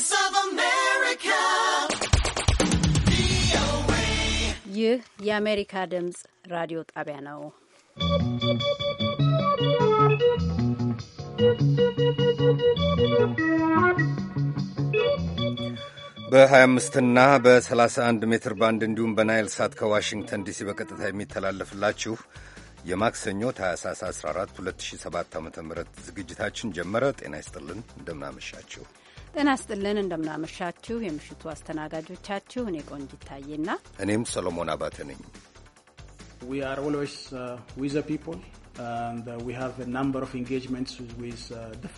Voice of America. ይህ የአሜሪካ ድምፅ ራዲዮ ጣቢያ ነው። በ25 እና በ31 ሜትር ባንድ እንዲሁም በናይል ሳት ከዋሽንግተን ዲሲ በቀጥታ የሚተላለፍላችሁ የማክሰኞ ታህሳስ 14 2007 ዓ ም ዝግጅታችን ጀመረ። ጤና ይስጥልን፣ እንደምናመሻችሁ ጤና ስጥልን እንደምናመሻችሁ። የምሽቱ አስተናጋጆቻችሁ እኔ ቆንጅ ይታየና እኔም ሰሎሞን አባተ ነኝ። uh, uh,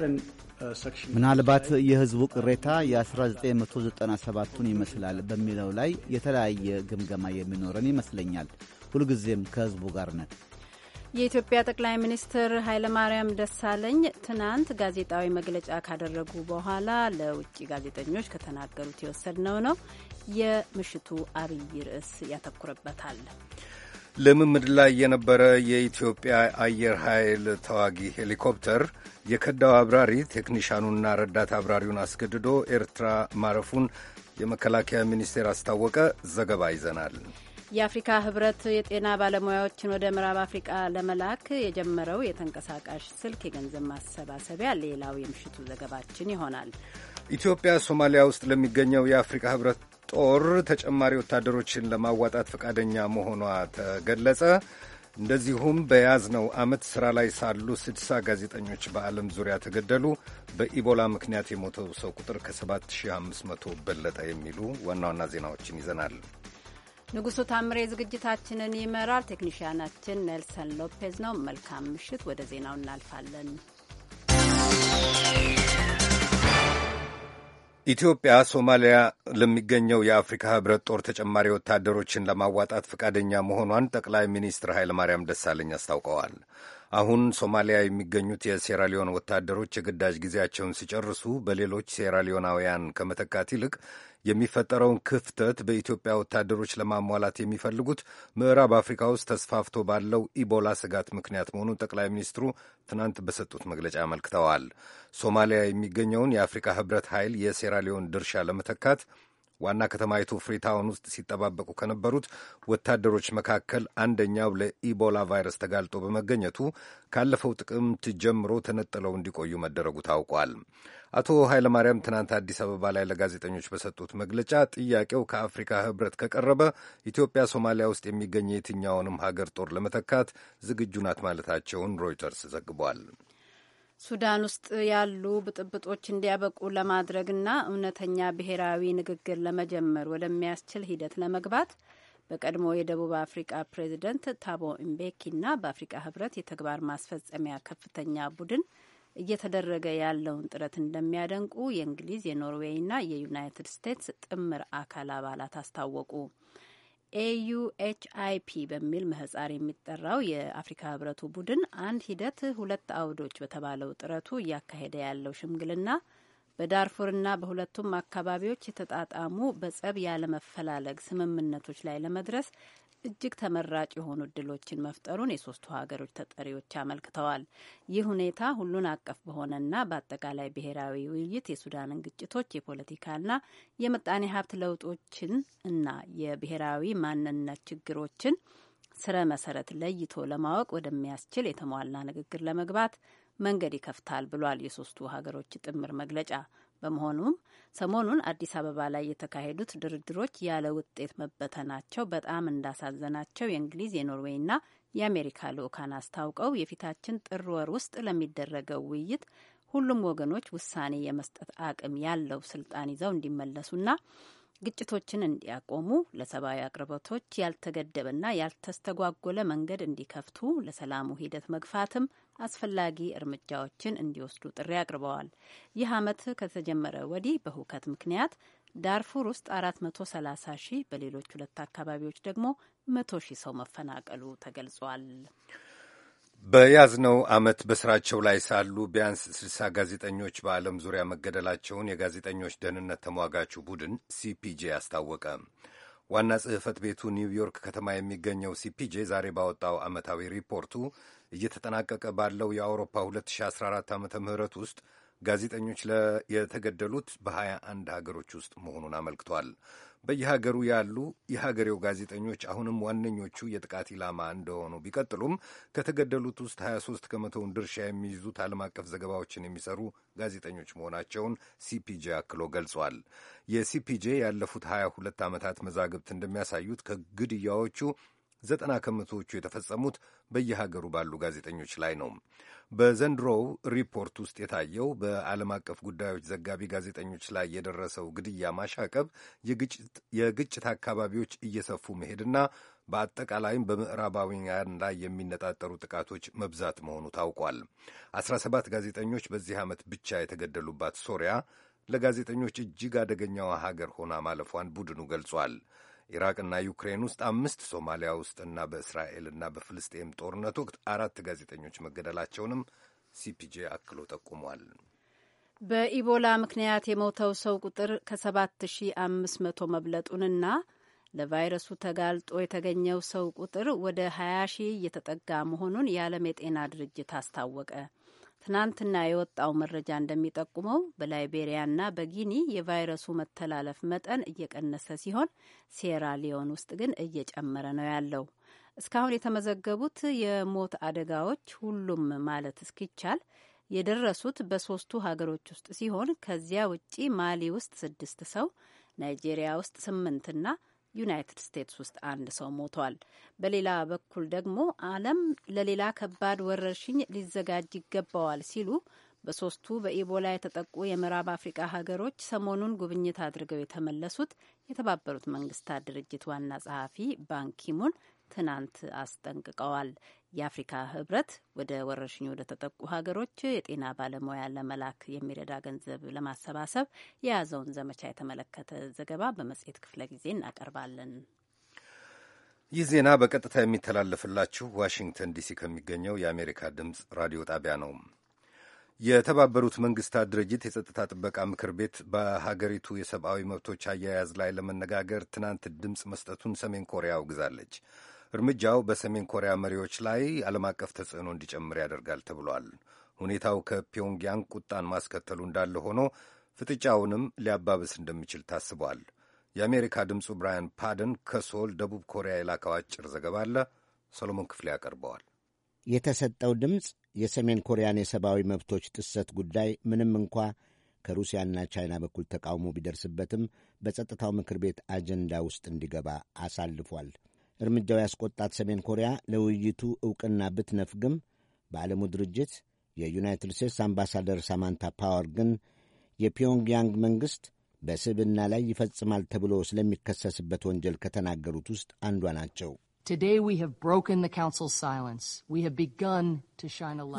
uh, ምናልባት የህዝቡ ቅሬታ የ1997ቱን ይመስላል በሚለው ላይ የተለያየ ግምገማ የሚኖረን ይመስለኛል። ሁልጊዜም ከህዝቡ ጋር ነን። የኢትዮጵያ ጠቅላይ ሚኒስትር ኃይለማርያም ደሳለኝ ትናንት ጋዜጣዊ መግለጫ ካደረጉ በኋላ ለውጭ ጋዜጠኞች ከተናገሩት የወሰድነው ነው። የምሽቱ አብይ ርዕስ ያተኩርበታል። ልምምድ ላይ የነበረ የኢትዮጵያ አየር ኃይል ተዋጊ ሄሊኮፕተር የከዳው አብራሪ ቴክኒሻኑና ረዳት አብራሪውን አስገድዶ ኤርትራ ማረፉን የመከላከያ ሚኒስቴር አስታወቀ። ዘገባ ይዘናል። የአፍሪካ ህብረት የጤና ባለሙያዎችን ወደ ምዕራብ አፍሪቃ ለመላክ የጀመረው የተንቀሳቃሽ ስልክ የገንዘብ ማሰባሰቢያ ሌላው የምሽቱ ዘገባችን ይሆናል። ኢትዮጵያ ሶማሊያ ውስጥ ለሚገኘው የአፍሪካ ህብረት ጦር ተጨማሪ ወታደሮችን ለማዋጣት ፈቃደኛ መሆኗ ተገለጸ። እንደዚሁም በያዝነው ዓመት ሥራ ላይ ሳሉ ስድሳ ጋዜጠኞች በዓለም ዙሪያ ተገደሉ፣ በኢቦላ ምክንያት የሞተው ሰው ቁጥር ከ7500 በለጠ የሚሉ ዋና ዋና ዜናዎችን ይዘናል። ንጉሱ ታምሬ ዝግጅታችንን ይመራል። ቴክኒሽያናችን ኔልሰን ሎፔዝ ነው። መልካም ምሽት። ወደ ዜናው እናልፋለን። ኢትዮጵያ ሶማሊያ ለሚገኘው የአፍሪካ ህብረት ጦር ተጨማሪ ወታደሮችን ለማዋጣት ፈቃደኛ መሆኗን ጠቅላይ ሚኒስትር ኃይለማርያም ደሳለኝ አስታውቀዋል። አሁን ሶማሊያ የሚገኙት የሴራሊዮን ወታደሮች የግዳጅ ጊዜያቸውን ሲጨርሱ በሌሎች ሴራሊዮናውያን ከመተካት ይልቅ የሚፈጠረውን ክፍተት በኢትዮጵያ ወታደሮች ለማሟላት የሚፈልጉት ምዕራብ አፍሪካ ውስጥ ተስፋፍቶ ባለው ኢቦላ ስጋት ምክንያት መሆኑን ጠቅላይ ሚኒስትሩ ትናንት በሰጡት መግለጫ አመልክተዋል። ሶማሊያ የሚገኘውን የአፍሪካ ሕብረት ኃይል የሴራሊዮን ድርሻ ለመተካት ዋና ከተማይቱ ፍሪታውን ውስጥ ሲጠባበቁ ከነበሩት ወታደሮች መካከል አንደኛው ለኢቦላ ቫይረስ ተጋልጦ በመገኘቱ ካለፈው ጥቅምት ጀምሮ ተነጥለው እንዲቆዩ መደረጉ ታውቋል። አቶ ኃይለማርያም ትናንት አዲስ አበባ ላይ ለጋዜጠኞች በሰጡት መግለጫ ጥያቄው ከአፍሪካ ሕብረት ከቀረበ ኢትዮጵያ ሶማሊያ ውስጥ የሚገኝ የትኛውንም ሀገር ጦር ለመተካት ዝግጁ ናት ማለታቸውን ሮይተርስ ዘግቧል። ሱዳን ውስጥ ያሉ ብጥብጦች እንዲያበቁ ለማድረግና እውነተኛ ብሔራዊ ንግግር ለመጀመር ወደሚያስችል ሂደት ለመግባት በቀድሞ የደቡብ አፍሪካ ፕሬዚደንት ታቦ ኢምቤኪና በአፍሪካ ህብረት የተግባር ማስፈጸሚያ ከፍተኛ ቡድን እየተደረገ ያለውን ጥረት እንደሚያደንቁ የእንግሊዝ የኖርዌይና የዩናይትድ ስቴትስ ጥምር አካል አባላት አስታወቁ። ኤዩኤችአይፒ በሚል ምህጻር የሚጠራው የአፍሪካ ህብረቱ ቡድን አንድ ሂደት ሁለት አውዶች በተባለው ጥረቱ እያካሄደ ያለው ሽምግልና በዳርፉርና በሁለቱም አካባቢዎች የተጣጣሙ በጸብ ያለመፈላለግ ስምምነቶች ላይ ለመድረስ እጅግ ተመራጭ የሆኑ እድሎችን መፍጠሩን የሶስቱ ሀገሮች ተጠሪዎች አመልክተዋል። ይህ ሁኔታ ሁሉን አቀፍ በሆነና በአጠቃላይ ብሔራዊ ውይይት የሱዳንን ግጭቶች፣ የፖለቲካና የምጣኔ ሀብት ለውጦችን እና የብሔራዊ ማንነት ችግሮችን ስረ መሰረት ለይቶ ለማወቅ ወደሚያስችል የተሟላ ንግግር ለመግባት መንገድ ይከፍታል ብሏል የሶስቱ ሀገሮች ጥምር መግለጫ። በመሆኑም ሰሞኑን አዲስ አበባ ላይ የተካሄዱት ድርድሮች ያለ ውጤት መበተናቸው በጣም እንዳሳዘናቸው የእንግሊዝ የኖርዌይና የአሜሪካ ልዑካን አስታውቀው የፊታችን ጥር ወር ውስጥ ለሚደረገው ውይይት ሁሉም ወገኖች ውሳኔ የመስጠት አቅም ያለው ስልጣን ይዘው እንዲመለሱና ግጭቶችን እንዲያቆሙ ለሰብአዊ አቅርቦቶች ያልተገደበና ያልተስተጓጎለ መንገድ እንዲከፍቱ ለሰላሙ ሂደት መግፋትም አስፈላጊ እርምጃዎችን እንዲወስዱ ጥሪ አቅርበዋል። ይህ ዓመት ከተጀመረ ወዲህ በሁከት ምክንያት ዳርፉር ውስጥ 430 ሺህ በሌሎች ሁለት አካባቢዎች ደግሞ 100 ሺህ ሰው መፈናቀሉ ተገልጿል። በያዝነው ዓመት በስራቸው ላይ ሳሉ ቢያንስ 60 ጋዜጠኞች በዓለም ዙሪያ መገደላቸውን የጋዜጠኞች ደህንነት ተሟጋቹ ቡድን ሲፒጄ አስታወቀ። ዋና ጽሕፈት ቤቱ ኒውዮርክ ከተማ የሚገኘው ሲፒጄ ዛሬ ባወጣው ዓመታዊ ሪፖርቱ እየተጠናቀቀ ባለው የአውሮፓ 2014 ዓ ም ውስጥ ጋዜጠኞች የተገደሉት በ21 ሀገሮች ውስጥ መሆኑን አመልክቷል። በየሀገሩ ያሉ የሀገሬው ጋዜጠኞች አሁንም ዋነኞቹ የጥቃት ኢላማ እንደሆኑ ቢቀጥሉም ከተገደሉት ውስጥ 23 ከመቶውን ድርሻ የሚይዙት ዓለም አቀፍ ዘገባዎችን የሚሰሩ ጋዜጠኞች መሆናቸውን ሲፒጄ አክሎ ገልጿል። የሲፒጄ ያለፉት 22 ዓመታት መዛግብት እንደሚያሳዩት ከግድያዎቹ ዘጠና ከመቶዎቹ የተፈጸሙት በየሀገሩ ባሉ ጋዜጠኞች ላይ ነው። በዘንድሮው ሪፖርት ውስጥ የታየው በዓለም አቀፍ ጉዳዮች ዘጋቢ ጋዜጠኞች ላይ የደረሰው ግድያ ማሻቀብ፣ የግጭት አካባቢዎች እየሰፉ መሄድና በአጠቃላይም በምዕራባውያን ላይ የሚነጣጠሩ ጥቃቶች መብዛት መሆኑ ታውቋል። አስራ ሰባት ጋዜጠኞች በዚህ ዓመት ብቻ የተገደሉባት ሶሪያ ለጋዜጠኞች እጅግ አደገኛዋ ሀገር ሆና ማለፏን ቡድኑ ገልጿል። ኢራቅና ዩክሬን ውስጥ አምስት፣ ሶማሊያ ውስጥና በእስራኤልና በፍልስጤም ጦርነት ወቅት አራት ጋዜጠኞች መገደላቸውንም ሲፒጄ አክሎ ጠቁሟል። በኢቦላ ምክንያት የሞተው ሰው ቁጥር ከ7500 መብለጡንና ለቫይረሱ ተጋልጦ የተገኘው ሰው ቁጥር ወደ 20 ሺህ እየተጠጋ መሆኑን የዓለም የጤና ድርጅት አስታወቀ። ትናንትና የወጣው መረጃ እንደሚጠቁመው በላይቤሪያና በጊኒ የቫይረሱ መተላለፍ መጠን እየቀነሰ ሲሆን ሴራ ሊዮን ውስጥ ግን እየጨመረ ነው ያለው። እስካሁን የተመዘገቡት የሞት አደጋዎች ሁሉም ማለት እስኪቻል የደረሱት በሶስቱ ሀገሮች ውስጥ ሲሆን ከዚያ ውጪ ማሊ ውስጥ ስድስት ሰው፣ ናይጄሪያ ውስጥ ስምንትና ዩናይትድ ስቴትስ ውስጥ አንድ ሰው ሞቷል። በሌላ በኩል ደግሞ ዓለም ለሌላ ከባድ ወረርሽኝ ሊዘጋጅ ይገባዋል ሲሉ በሶስቱ በኢቦላ የተጠቁ የምዕራብ አፍሪቃ ሀገሮች ሰሞኑን ጉብኝት አድርገው የተመለሱት የተባበሩት መንግስታት ድርጅት ዋና ጸሐፊ ባንኪሙን ትናንት አስጠንቅቀዋል። የአፍሪካ ህብረት ወደ ወረርሽኙ ወደ ተጠቁ ሀገሮች የጤና ባለሙያ ለመላክ የሚረዳ ገንዘብ ለማሰባሰብ የያዘውን ዘመቻ የተመለከተ ዘገባ በመጽሔት ክፍለ ጊዜ እናቀርባለን። ይህ ዜና በቀጥታ የሚተላለፍላችሁ ዋሽንግተን ዲሲ ከሚገኘው የአሜሪካ ድምፅ ራዲዮ ጣቢያ ነው። የተባበሩት መንግስታት ድርጅት የጸጥታ ጥበቃ ምክር ቤት በሀገሪቱ የሰብአዊ መብቶች አያያዝ ላይ ለመነጋገር ትናንት ድምፅ መስጠቱን ሰሜን ኮሪያ አውግዛለች። እርምጃው በሰሜን ኮሪያ መሪዎች ላይ ዓለም አቀፍ ተጽዕኖ እንዲጨምር ያደርጋል ተብሏል። ሁኔታው ከፒዮንግያንግ ቁጣን ማስከተሉ እንዳለ ሆኖ ፍጥጫውንም ሊያባብስ እንደሚችል ታስቧል። የአሜሪካ ድምፁ ብራያን ፓደን ከሶል ደቡብ ኮሪያ የላከው አጭር ዘገባ አለ። ሰሎሞን ክፍሌ ያቀርበዋል። የተሰጠው ድምፅ የሰሜን ኮሪያን የሰብአዊ መብቶች ጥሰት ጉዳይ ምንም እንኳ ከሩሲያና ቻይና በኩል ተቃውሞ ቢደርስበትም በጸጥታው ምክር ቤት አጀንዳ ውስጥ እንዲገባ አሳልፏል። እርምጃው ያስቆጣት ሰሜን ኮሪያ ለውይይቱ ዕውቅና ብትነፍግም በዓለሙ ድርጅት የዩናይትድ ስቴትስ አምባሳደር ሳማንታ ፓወር ግን የፒዮንግያንግ መንግሥት በስብና ላይ ይፈጽማል ተብሎ ስለሚከሰስበት ወንጀል ከተናገሩት ውስጥ አንዷ ናቸው።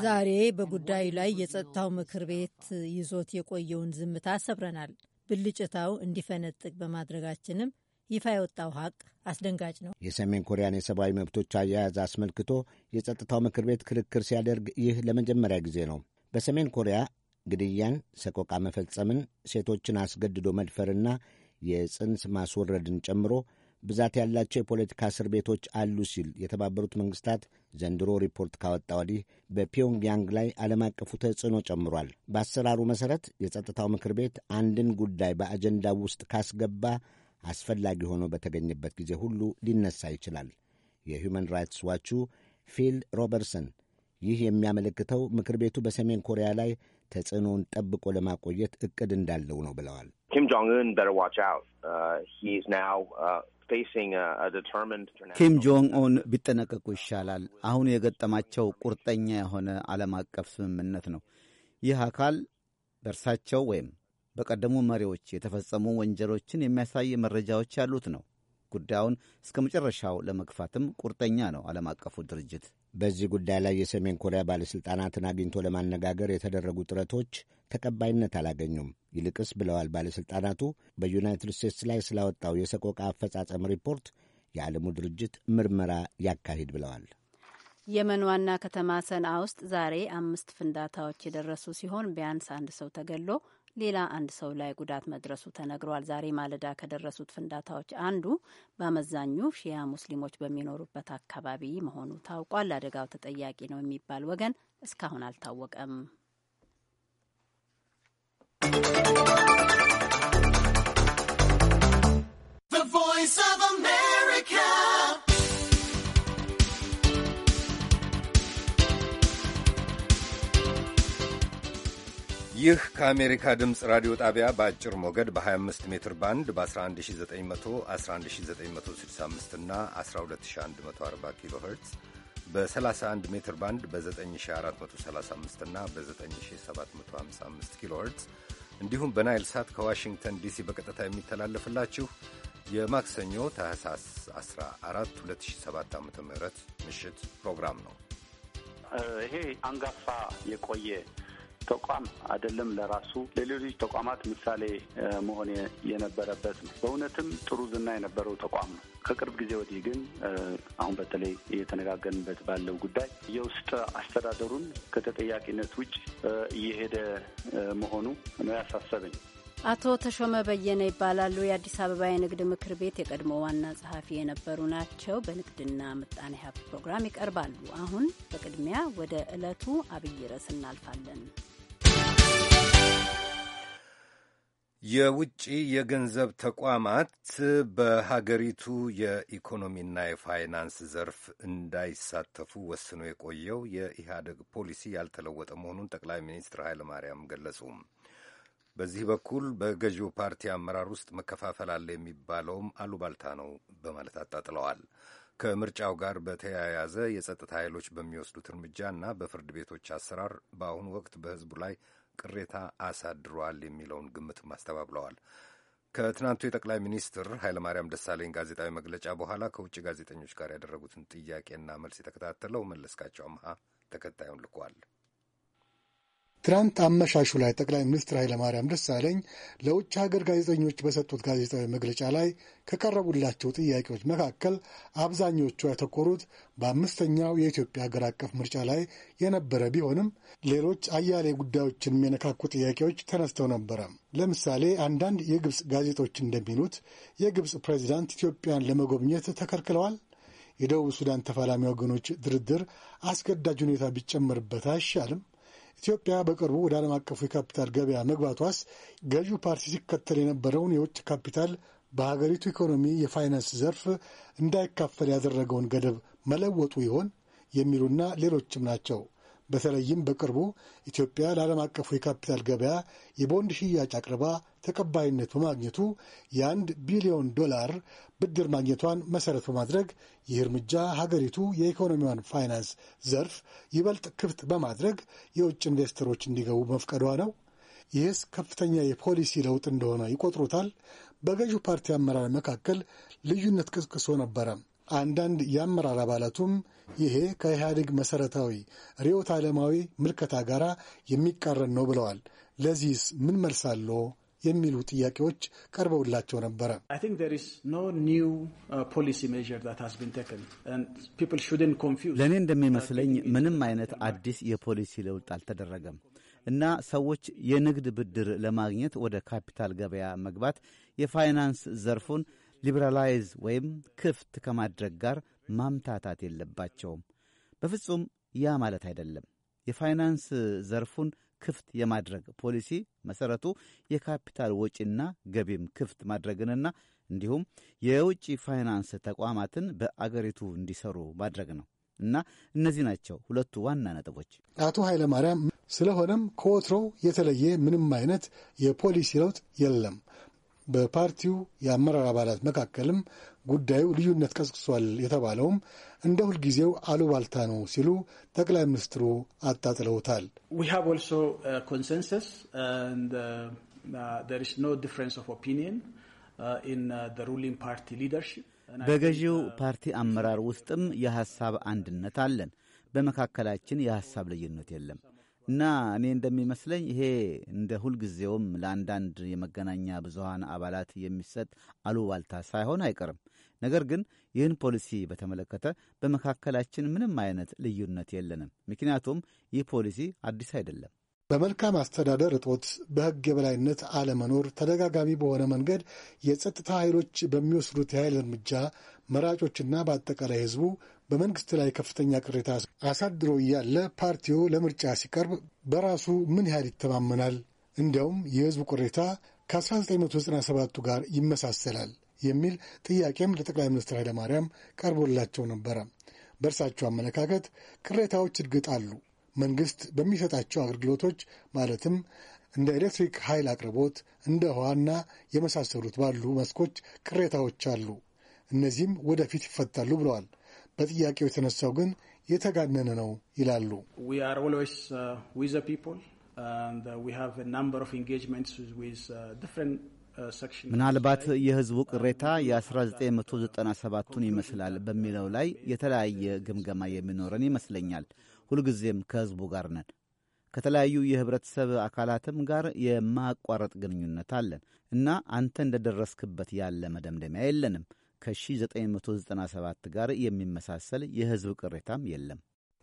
ዛሬ በጉዳዩ ላይ የጸጥታው ምክር ቤት ይዞት የቆየውን ዝምታ ሰብረናል። ብልጭታው እንዲፈነጥቅ በማድረጋችንም ይፋ የወጣው ሀቅ አስደንጋጭ ነው። የሰሜን ኮሪያን የሰብአዊ መብቶች አያያዝ አስመልክቶ የጸጥታው ምክር ቤት ክርክር ሲያደርግ ይህ ለመጀመሪያ ጊዜ ነው። በሰሜን ኮሪያ ግድያን፣ ሰቆቃ መፈጸምን፣ ሴቶችን አስገድዶ መድፈርና የጽንስ ማስወረድን ጨምሮ ብዛት ያላቸው የፖለቲካ እስር ቤቶች አሉ ሲል የተባበሩት መንግስታት ዘንድሮ ሪፖርት ካወጣ ወዲህ በፒዮንግያንግ ላይ ዓለም አቀፉ ተጽዕኖ ጨምሯል። በአሰራሩ መሠረት የጸጥታው ምክር ቤት አንድን ጉዳይ በአጀንዳው ውስጥ ካስገባ አስፈላጊ ሆኖ በተገኘበት ጊዜ ሁሉ ሊነሳ ይችላል። የሁማን ራይትስ ዋቹ ፊል ሮበርሰን ይህ የሚያመለክተው ምክር ቤቱ በሰሜን ኮሪያ ላይ ተጽዕኖውን ጠብቆ ለማቆየት እቅድ እንዳለው ነው ብለዋል። ኪም ጆንግ ኡን uh, uh, ቢጠነቀቁ ይሻላል። አሁን የገጠማቸው ቁርጠኛ የሆነ ዓለም አቀፍ ስምምነት ነው። ይህ አካል በእርሳቸው ወይም በቀደሙ መሪዎች የተፈጸሙ ወንጀሎችን የሚያሳይ መረጃዎች ያሉት ነው። ጉዳዩን እስከ መጨረሻው ለመግፋትም ቁርጠኛ ነው ዓለም አቀፉ ድርጅት። በዚህ ጉዳይ ላይ የሰሜን ኮሪያ ባለሥልጣናትን አግኝቶ ለማነጋገር የተደረጉ ጥረቶች ተቀባይነት አላገኙም። ይልቅስ ብለዋል ባለሥልጣናቱ በዩናይትድ ስቴትስ ላይ ስላወጣው የሰቆቃ አፈጻጸም ሪፖርት የዓለሙ ድርጅት ምርመራ ያካሂድ ብለዋል። የመን ዋና ከተማ ሰንአ ውስጥ ዛሬ አምስት ፍንዳታዎች የደረሱ ሲሆን ቢያንስ አንድ ሰው ተገሎ ሌላ አንድ ሰው ላይ ጉዳት መድረሱ ተነግሯል። ዛሬ ማለዳ ከደረሱት ፍንዳታዎች አንዱ በአመዛኙ ሺያ ሙስሊሞች በሚኖሩበት አካባቢ መሆኑ ታውቋል። አደጋው ተጠያቂ ነው የሚባል ወገን እስካሁን አልታወቀም። ይህ ከአሜሪካ ድምፅ ራዲዮ ጣቢያ በአጭር ሞገድ በ25 ሜትር ባንድ በ11911965 እና 12140 ኪሎ ሄርትዝ በ31 ሜትር ባንድ በ9435 እና በ9755 ኪሎ ሄርትዝ እንዲሁም በናይል ሳት ከዋሽንግተን ዲሲ በቀጥታ የሚተላለፍላችሁ የማክሰኞ ታህሳስ 14 2007 ዓ ም ምሽት ፕሮግራም ነው። ይሄ አንጋፋ የቆየ ተቋም አይደለም ለራሱ ለሌሎች ተቋማት ምሳሌ መሆን የነበረበት ነው። በእውነትም ጥሩ ዝና የነበረው ተቋም ነው። ከቅርብ ጊዜ ወዲህ ግን አሁን በተለይ እየተነጋገርንበት ባለው ጉዳይ የውስጥ አስተዳደሩን ከተጠያቂነት ውጭ እየሄደ መሆኑ ነው ያሳሰበኝ። አቶ ተሾመ በየነ ይባላሉ። የአዲስ አበባ የንግድ ምክር ቤት የቀድሞ ዋና ጸሐፊ የነበሩ ናቸው። በንግድና ምጣኔ ሀብት ፕሮግራም ይቀርባሉ። አሁን በቅድሚያ ወደ ዕለቱ አብይ ርዕስ እናልፋለን። የውጭ የገንዘብ ተቋማት በሀገሪቱ የኢኮኖሚና የፋይናንስ ዘርፍ እንዳይሳተፉ ወስኖ የቆየው የኢህአደግ ፖሊሲ ያልተለወጠ መሆኑን ጠቅላይ ሚኒስትር ኃይለማርያም ገለጹ። በዚህ በኩል በገዢው ፓርቲ አመራር ውስጥ መከፋፈል አለ የሚባለውም አሉባልታ ነው በማለት አጣጥለዋል። ከምርጫው ጋር በተያያዘ የጸጥታ ኃይሎች በሚወስዱት እና በፍርድ ቤቶች አሰራር በአሁኑ ወቅት በህዝቡ ላይ ቅሬታ አሳድሯል የሚለውን ግምትም አስተባብለዋል። ከትናንቱ የጠቅላይ ሚኒስትር ኃይለማርያም ደሳለኝ ጋዜጣዊ መግለጫ በኋላ ከውጭ ጋዜጠኞች ጋር ያደረጉትን ጥያቄና መልስ የተከታተለው መለስካቸው አምሃ ተከታዩን ልኳል። ትናንት አመሻሹ ላይ ጠቅላይ ሚኒስትር ኃይለማርያም ደሳለኝ ለውጭ ሀገር ጋዜጠኞች በሰጡት ጋዜጣዊ መግለጫ ላይ ከቀረቡላቸው ጥያቄዎች መካከል አብዛኞቹ ያተኮሩት በአምስተኛው የኢትዮጵያ ሀገር አቀፍ ምርጫ ላይ የነበረ ቢሆንም ሌሎች አያሌ ጉዳዮችን የሚነካኩ ጥያቄዎች ተነስተው ነበረ። ለምሳሌ አንዳንድ የግብፅ ጋዜጦች እንደሚሉት የግብፅ ፕሬዚዳንት ኢትዮጵያን ለመጎብኘት ተከልክለዋል። የደቡብ ሱዳን ተፋላሚ ወገኖች ድርድር አስገዳጅ ሁኔታ ቢጨመርበት አይሻልም? ኢትዮጵያ በቅርቡ ወደ ዓለም አቀፉ የካፒታል ገበያ መግባቷስ ገዢው ፓርቲ ሲከተል የነበረውን የውጭ ካፒታል በሀገሪቱ ኢኮኖሚ የፋይናንስ ዘርፍ እንዳይካፈል ያደረገውን ገደብ መለወጡ ይሆን የሚሉና ሌሎችም ናቸው። በተለይም በቅርቡ ኢትዮጵያ ለዓለም አቀፉ የካፒታል ገበያ የቦንድ ሽያጭ አቅርባ ተቀባይነት በማግኘቱ የአንድ ቢሊዮን ዶላር ብድር ማግኘቷን መሠረት በማድረግ ይህ እርምጃ ሀገሪቱ የኢኮኖሚዋን ፋይናንስ ዘርፍ ይበልጥ ክፍት በማድረግ የውጭ ኢንቨስተሮች እንዲገቡ መፍቀዷ ነው። ይህስ ከፍተኛ የፖሊሲ ለውጥ እንደሆነ ይቆጥሩታል። በገዢው ፓርቲ አመራር መካከል ልዩነት ቅስቅሶ ነበረ። አንዳንድ የአመራር አባላቱም ይሄ ከኢህአዴግ መሠረታዊ ርዕዮተ ዓለማዊ ምልከታ ጋር የሚቃረን ነው ብለዋል። ለዚህስ ምን መልስ አለ የሚሉ ጥያቄዎች ቀርበውላቸው ነበረ። uh, ለእኔ እንደሚመስለኝ ምንም አይነት አዲስ የፖሊሲ ለውጥ አልተደረገም እና ሰዎች የንግድ ብድር ለማግኘት ወደ ካፒታል ገበያ መግባት የፋይናንስ ዘርፉን ሊበራላይዝ ወይም ክፍት ከማድረግ ጋር ማምታታት የለባቸውም። በፍጹም ያ ማለት አይደለም። የፋይናንስ ዘርፉን ክፍት የማድረግ ፖሊሲ መሠረቱ የካፒታል ወጪና ገቢም ክፍት ማድረግንና እንዲሁም የውጭ ፋይናንስ ተቋማትን በአገሪቱ እንዲሰሩ ማድረግ ነው እና እነዚህ ናቸው ሁለቱ ዋና ነጥቦች አቶ ኃይለማርያም። ስለሆነም ከወትሮው የተለየ ምንም አይነት የፖሊሲ ለውጥ የለም። በፓርቲው የአመራር አባላት መካከልም ጉዳዩ ልዩነት ቀስቅሷል የተባለውም እንደ ሁልጊዜው አሉባልታ ነው ሲሉ ጠቅላይ ሚኒስትሩ አጣጥለውታል። ኮንሰንሰስ uh, uh, uh, በገዢው ፓርቲ አመራር ውስጥም የሐሳብ አንድነት አለን። በመካከላችን የሐሳብ ልዩነት የለም። እና እኔ እንደሚመስለኝ ይሄ እንደ ሁልጊዜውም ለአንዳንድ የመገናኛ ብዙሃን አባላት የሚሰጥ አሉባልታ ሳይሆን አይቀርም። ነገር ግን ይህን ፖሊሲ በተመለከተ በመካከላችን ምንም አይነት ልዩነት የለንም። ምክንያቱም ይህ ፖሊሲ አዲስ አይደለም። በመልካም አስተዳደር እጦት በሕግ የበላይነት አለመኖር ተደጋጋሚ በሆነ መንገድ የጸጥታ ኃይሎች በሚወስዱት የኃይል እርምጃ መራጮችና በአጠቃላይ ሕዝቡ በመንግስት ላይ ከፍተኛ ቅሬታ አሳድሮ እያለ ፓርቲው ለምርጫ ሲቀርብ በራሱ ምን ያህል ይተማመናል? እንዲያውም የሕዝቡ ቅሬታ ከ1997ቱ ጋር ይመሳሰላል የሚል ጥያቄም ለጠቅላይ ሚኒስትር ኃይለማርያም ቀርቦላቸው ነበረ። በእርሳቸው አመለካከት ቅሬታዎች እርግጥ አሉ መንግስት በሚሰጣቸው አገልግሎቶች ማለትም እንደ ኤሌክትሪክ ኃይል አቅርቦት፣ እንደ ውሃና የመሳሰሉት ባሉ መስኮች ቅሬታዎች አሉ። እነዚህም ወደፊት ይፈታሉ ብለዋል። በጥያቄው የተነሳው ግን የተጋነነ ነው ይላሉ። uh, uh, uh, ምናልባት የህዝቡ ቅሬታ የ1997ቱን ይመስላል በሚለው ላይ የተለያየ ግምገማ የሚኖረን ይመስለኛል። ሁልጊዜም ከሕዝቡ ጋር ነን። ከተለያዩ የህብረተሰብ አካላትም ጋር የማያቋረጥ ግንኙነት አለን እና አንተ እንደደረስክበት ያለ መደምደሚያ የለንም። ከ1997 ጋር የሚመሳሰል የህዝብ ቅሬታም የለም።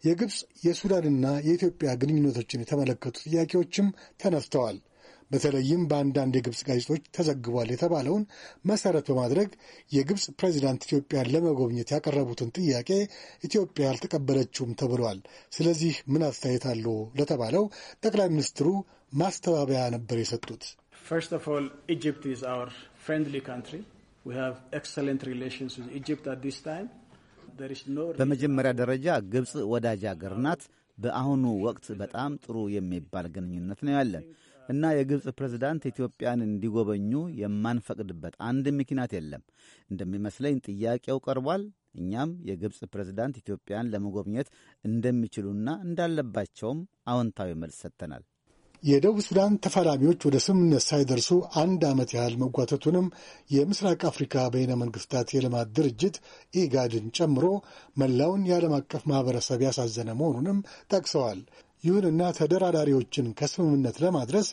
የግብፅ የሱዳንና የኢትዮጵያ ግንኙነቶችን የተመለከቱ ጥያቄዎችም ተነስተዋል። በተለይም በአንዳንድ የግብፅ ጋዜጦች ተዘግቧል የተባለውን መሰረት በማድረግ የግብፅ ፕሬዚዳንት ኢትዮጵያን ለመጎብኘት ያቀረቡትን ጥያቄ ኢትዮጵያ አልተቀበለችውም ተብሏል። ስለዚህ ምን አስተያየት አለው ለተባለው ጠቅላይ ሚኒስትሩ ማስተባበያ ነበር የሰጡት። First of all, Egypt is our friendly በመጀመሪያ ደረጃ ግብፅ ወዳጅ አገር ናት። በአሁኑ ወቅት በጣም ጥሩ የሚባል ግንኙነት ነው ያለን። እና የግብፅ ፕሬዝዳንት ኢትዮጵያን እንዲጎበኙ የማንፈቅድበት አንድ ምክንያት የለም። እንደሚመስለኝ ጥያቄው ቀርቧል። እኛም የግብፅ ፕሬዝዳንት ኢትዮጵያን ለመጎብኘት እንደሚችሉና እንዳለባቸውም አዎንታዊ መልስ ሰጥተናል። የደቡብ ሱዳን ተፋላሚዎች ወደ ስምምነት ሳይደርሱ አንድ ዓመት ያህል መጓተቱንም የምስራቅ አፍሪካ በይነ መንግስታት የልማት ድርጅት ኢጋድን ጨምሮ መላውን የዓለም አቀፍ ማህበረሰብ ያሳዘነ መሆኑንም ጠቅሰዋል። ይሁንና ተደራዳሪዎችን ከስምምነት ለማድረስ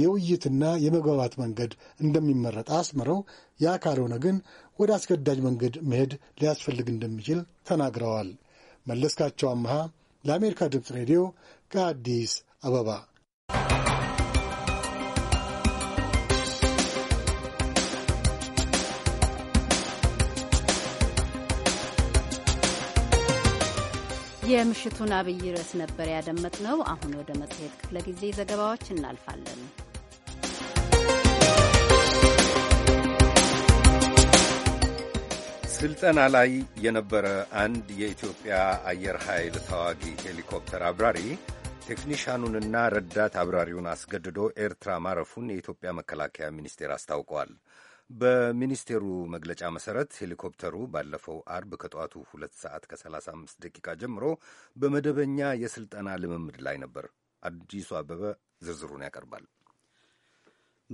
የውይይትና የመግባባት መንገድ እንደሚመረጥ አስምረው፣ ያ ካልሆነ ግን ወደ አስገዳጅ መንገድ መሄድ ሊያስፈልግ እንደሚችል ተናግረዋል። መለስካቸው አምሃ ለአሜሪካ ድምፅ ሬዲዮ ከአዲስ አበባ የምሽቱን አብይ ርዕስ ነበር ያደመጥነው። አሁን ወደ መጽሔት ክፍለ ጊዜ ዘገባዎች እናልፋለን። ስልጠና ላይ የነበረ አንድ የኢትዮጵያ አየር ኃይል ተዋጊ ሄሊኮፕተር አብራሪ ቴክኒሽያኑንና ረዳት አብራሪውን አስገድዶ ኤርትራ ማረፉን የኢትዮጵያ መከላከያ ሚኒስቴር አስታውቀዋል። በሚኒስቴሩ መግለጫ መሰረት ሄሊኮፕተሩ ባለፈው አርብ ከጠዋቱ ሁለት ሰዓት ከ35 ደቂቃ ጀምሮ በመደበኛ የስልጠና ልምምድ ላይ ነበር። አዲሱ አበበ ዝርዝሩን ያቀርባል።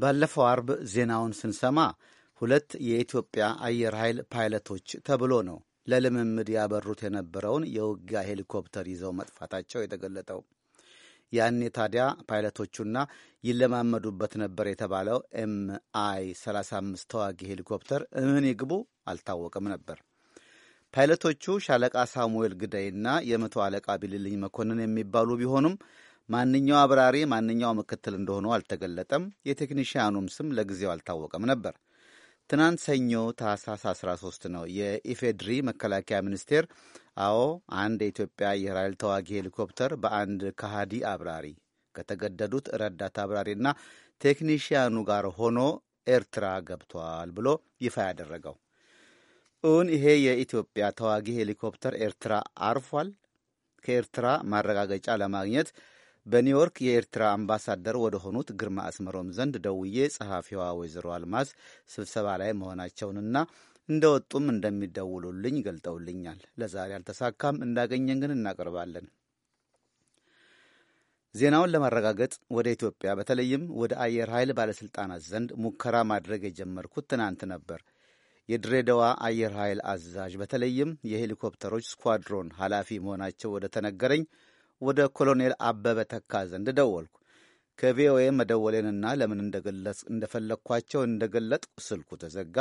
ባለፈው አርብ ዜናውን ስንሰማ ሁለት የኢትዮጵያ አየር ኃይል ፓይለቶች ተብሎ ነው ለልምምድ ያበሩት የነበረውን የውጊያ ሄሊኮፕተር ይዘው መጥፋታቸው የተገለጠው። ያኔ ታዲያ ፓይለቶቹና ይለማመዱበት ነበር የተባለው ኤምአይ 35 ተዋጊ ሄሊኮፕተር እምን ይግቡ አልታወቅም ነበር። ፓይለቶቹ ሻለቃ ሳሙኤል ግዳይና የመቶ አለቃ ቢልልኝ መኮንን የሚባሉ ቢሆኑም ማንኛው አብራሪ ማንኛው ምክትል እንደሆኑ አልተገለጠም። የቴክኒሽያኑም ስም ለጊዜው አልታወቀም ነበር። ትናንት ሰኞ ታህሳስ 13 ነው የኢፌድሪ መከላከያ ሚኒስቴር አዎ አንድ የኢትዮጵያ አየር ኃይል ተዋጊ ሄሊኮፕተር በአንድ ከሃዲ አብራሪ ከተገደዱት ረዳት አብራሪና ቴክኒሽያኑ ጋር ሆኖ ኤርትራ ገብቷል ብሎ ይፋ ያደረገው እውን ይሄ የኢትዮጵያ ተዋጊ ሄሊኮፕተር ኤርትራ አርፏል? ከኤርትራ ማረጋገጫ ለማግኘት በኒውዮርክ የኤርትራ አምባሳደር ወደ ሆኑት ግርማ አስመሮም ዘንድ ደውዬ ጸሐፊዋ ወይዘሮ አልማዝ ስብሰባ ላይ መሆናቸውንና እንደወጡም እንደሚደውሉልኝ ገልጠውልኛል። ለዛሬ አልተሳካም። እንዳገኘን ግን እናቀርባለን። ዜናውን ለማረጋገጥ ወደ ኢትዮጵያ በተለይም ወደ አየር ኃይል ባለሥልጣናት ዘንድ ሙከራ ማድረግ የጀመርኩት ትናንት ነበር። የድሬዳዋ አየር ኃይል አዛዥ በተለይም የሄሊኮፕተሮች ስኳድሮን ኃላፊ መሆናቸው ወደ ተነገረኝ ወደ ኮሎኔል አበበ ተካ ዘንድ ደወልኩ። ከቪኦኤ መደወሌንና ለምን እንደፈለግኳቸው እንደገለጥ ስልኩ ተዘጋ።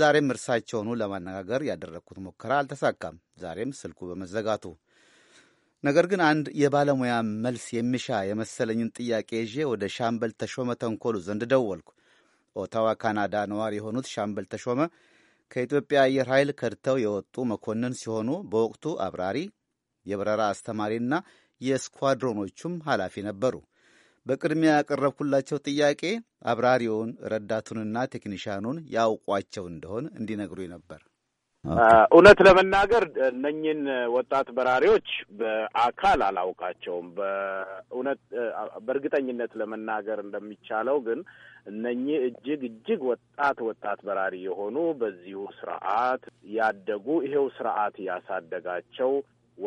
ዛሬም እርሳቸውኑ ለማነጋገር ያደረግኩት ሙከራ አልተሳካም። ዛሬም ስልኩ በመዘጋቱ ነገር ግን አንድ የባለሙያ መልስ የሚሻ የመሰለኝን ጥያቄ ይዤ ወደ ሻምበል ተሾመ ተንኮሉ ዘንድ ደወልኩ። ኦታዋ ካናዳ ነዋሪ የሆኑት ሻምበል ተሾመ ከኢትዮጵያ አየር ኃይል ከድተው የወጡ መኮንን ሲሆኑ በወቅቱ አብራሪ፣ የበረራ አስተማሪና የስኳድሮኖቹም ኃላፊ ነበሩ። በቅድሚያ ያቀረብኩላቸው ጥያቄ አብራሪውን ረዳቱንና ቴክኒሻኑን ያውቋቸው እንደሆን እንዲነግሩ ነበር። እውነት ለመናገር እነኝን ወጣት በራሪዎች በአካል አላውቃቸውም። በእውነት በእርግጠኝነት ለመናገር እንደሚቻለው ግን እነኚህ እጅግ እጅግ ወጣት ወጣት በራሪ የሆኑ በዚሁ ስርዓት ያደጉ ይሄው ስርዓት ያሳደጋቸው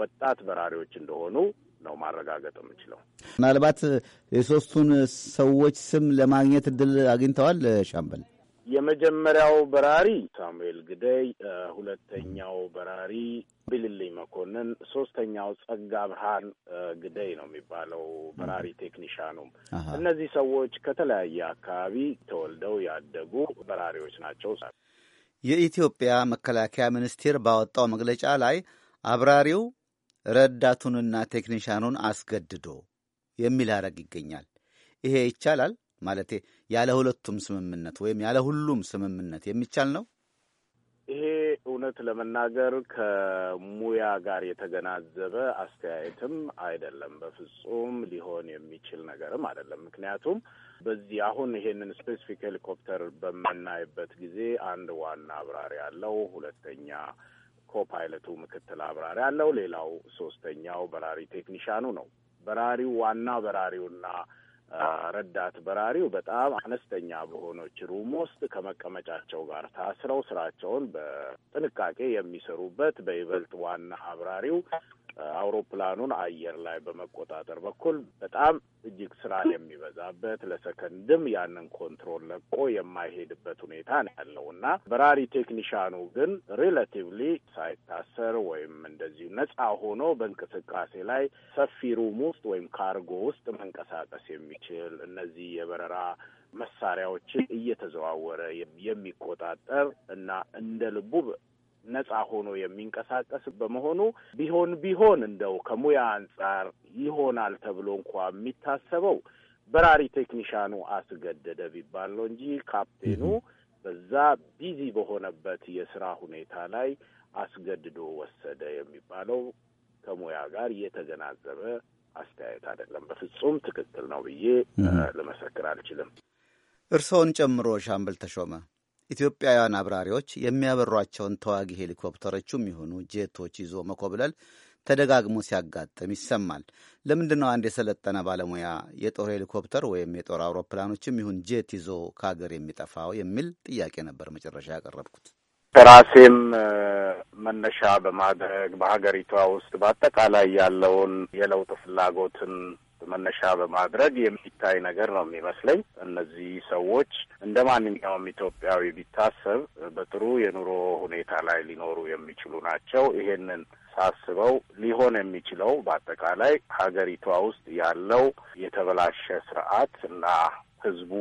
ወጣት በራሪዎች እንደሆኑ ነው ማረጋገጥ የምችለው። ምናልባት የሶስቱን ሰዎች ስም ለማግኘት እድል አግኝተዋል ሻምበል? የመጀመሪያው በራሪ ሳሙኤል ግደይ፣ ሁለተኛው በራሪ ቢልልኝ መኮንን፣ ሶስተኛው ጸጋ ብርሃን ግደይ ነው የሚባለው በራሪ ቴክኒሻኑ። እነዚህ ሰዎች ከተለያየ አካባቢ ተወልደው ያደጉ በራሪዎች ናቸው። የኢትዮጵያ መከላከያ ሚኒስቴር ባወጣው መግለጫ ላይ አብራሪው ረዳቱንና ቴክኒሻኑን አስገድዶ የሚል ሐረግ ይገኛል። ይሄ ይቻላል ማለቴ ያለ ሁለቱም ስምምነት ወይም ያለ ሁሉም ስምምነት የሚቻል ነው። ይሄ እውነት ለመናገር ከሙያ ጋር የተገናዘበ አስተያየትም አይደለም። በፍጹም ሊሆን የሚችል ነገርም አይደለም። ምክንያቱም በዚህ አሁን ይሄንን ስፔሲፊክ ሄሊኮፕተር በምናይበት ጊዜ አንድ ዋና አብራሪ ያለው ሁለተኛ ኮፓይለቱ ምክትል አብራሪ አለው። ሌላው ሶስተኛው በራሪ ቴክኒሻኑ ነው። በራሪው ዋና በራሪውና ረዳት በራሪው በጣም አነስተኛ በሆነች ሩም ውስጥ ከመቀመጫቸው ጋር ታስረው ስራቸውን በጥንቃቄ የሚሰሩበት በይበልጥ ዋና አብራሪው አውሮፕላኑን አየር ላይ በመቆጣጠር በኩል በጣም እጅግ ስራ የሚበዛበት ለሰከንድም ያንን ኮንትሮል ለቆ የማይሄድበት ሁኔታ ነው ያለው እና በራሪ ቴክኒሻኑ ግን ሪላቲቭሊ ሳይታሰር ወይም እንደዚህ ነጻ ሆኖ በእንቅስቃሴ ላይ ሰፊ ሩም ውስጥ ወይም ካርጎ ውስጥ መንቀሳቀስ የሚችል እነዚህ የበረራ መሳሪያዎችን እየተዘዋወረ የሚቆጣጠር እና እንደ ልቡ ነጻ ሆኖ የሚንቀሳቀስ በመሆኑ ቢሆን ቢሆን እንደው ከሙያ አንጻር ይሆናል ተብሎ እንኳ የሚታሰበው በራሪ ቴክኒሻኑ አስገደደ ቢባል ነው እንጂ ካፕቴኑ በዛ ቢዚ በሆነበት የስራ ሁኔታ ላይ አስገድዶ ወሰደ የሚባለው ከሙያ ጋር የተገናዘበ አስተያየት አይደለም። በፍጹም ትክክል ነው ብዬ ልመሰክር አልችልም። እርስዎን ጨምሮ ሻምበል ተሾመ ኢትዮጵያውያን አብራሪዎች የሚያበሯቸውን ተዋጊ ሄሊኮፕተሮቹም የሆኑ ጄቶች ይዞ መኮብለል ተደጋግሞ ሲያጋጥም ይሰማል። ለምንድን ነው አንድ የሰለጠነ ባለሙያ የጦር ሄሊኮፕተር ወይም የጦር አውሮፕላኖችም ይሁን ጄት ይዞ ከሀገር የሚጠፋው የሚል ጥያቄ ነበር መጨረሻ ያቀረብኩት። ራሴም መነሻ በማድረግ በሀገሪቷ ውስጥ በአጠቃላይ ያለውን የለውጥ ፍላጎትን መነሻ በማድረግ የሚታይ ነገር ነው የሚመስለኝ። እነዚህ ሰዎች እንደ ማንኛውም ኢትዮጵያዊ ቢታሰብ በጥሩ የኑሮ ሁኔታ ላይ ሊኖሩ የሚችሉ ናቸው። ይሄንን ሳስበው ሊሆን የሚችለው በአጠቃላይ ሀገሪቷ ውስጥ ያለው የተበላሸ ስርዓት እና ህዝቡ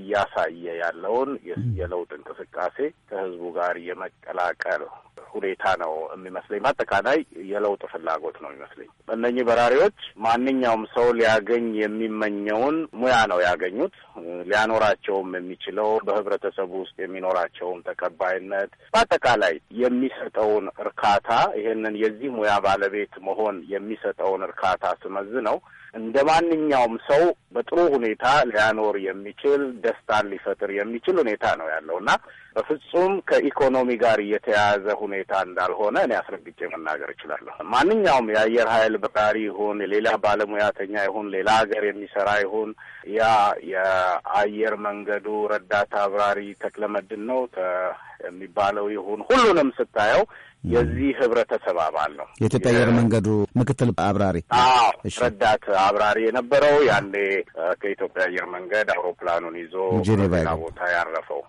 እያሳየ ያለውን የለውጥ እንቅስቃሴ ከህዝቡ ጋር የመቀላቀል ሁኔታ ነው የሚመስለኝ። በአጠቃላይ የለውጥ ፍላጎት ነው የሚመስለኝ። እነኚህ በራሪዎች ማንኛውም ሰው ሊያገኝ የሚመኘውን ሙያ ነው ያገኙት። ሊያኖራቸውም የሚችለው በህብረተሰቡ ውስጥ የሚኖራቸውም ተቀባይነት፣ በአጠቃላይ የሚሰጠውን እርካታ፣ ይሄንን የዚህ ሙያ ባለቤት መሆን የሚሰጠውን እርካታ ስመዝ ነው እንደ ማንኛውም ሰው በጥሩ ሁኔታ ሊያኖር የሚችል ደስታን ሊፈጥር የሚችል ሁኔታ ነው ያለው እና በፍጹም ከኢኮኖሚ ጋር የተያያዘ ሁኔታ እንዳልሆነ እኔ አስረግጬ መናገር እችላለሁ። ማንኛውም የአየር ኃይል በቃሪ ይሁን ሌላ ባለሙያተኛ ይሁን ሌላ ሀገር የሚሰራ ይሁን ያ የአየር መንገዱ ረዳት አብራሪ ተክለመድን ነው የሚባለው ይሁን ሁሉንም ስታየው የዚህ ህብረተሰብ አባል ነው። የኢትዮጵያ አየር መንገዱ ምክትል አብራሪ፣ አዎ ረዳት አብራሪ የነበረው ያኔ ከኢትዮጵያ አየር መንገድ አውሮፕላኑን ይዞ ጄኔቫ ቦታ ያረፈው።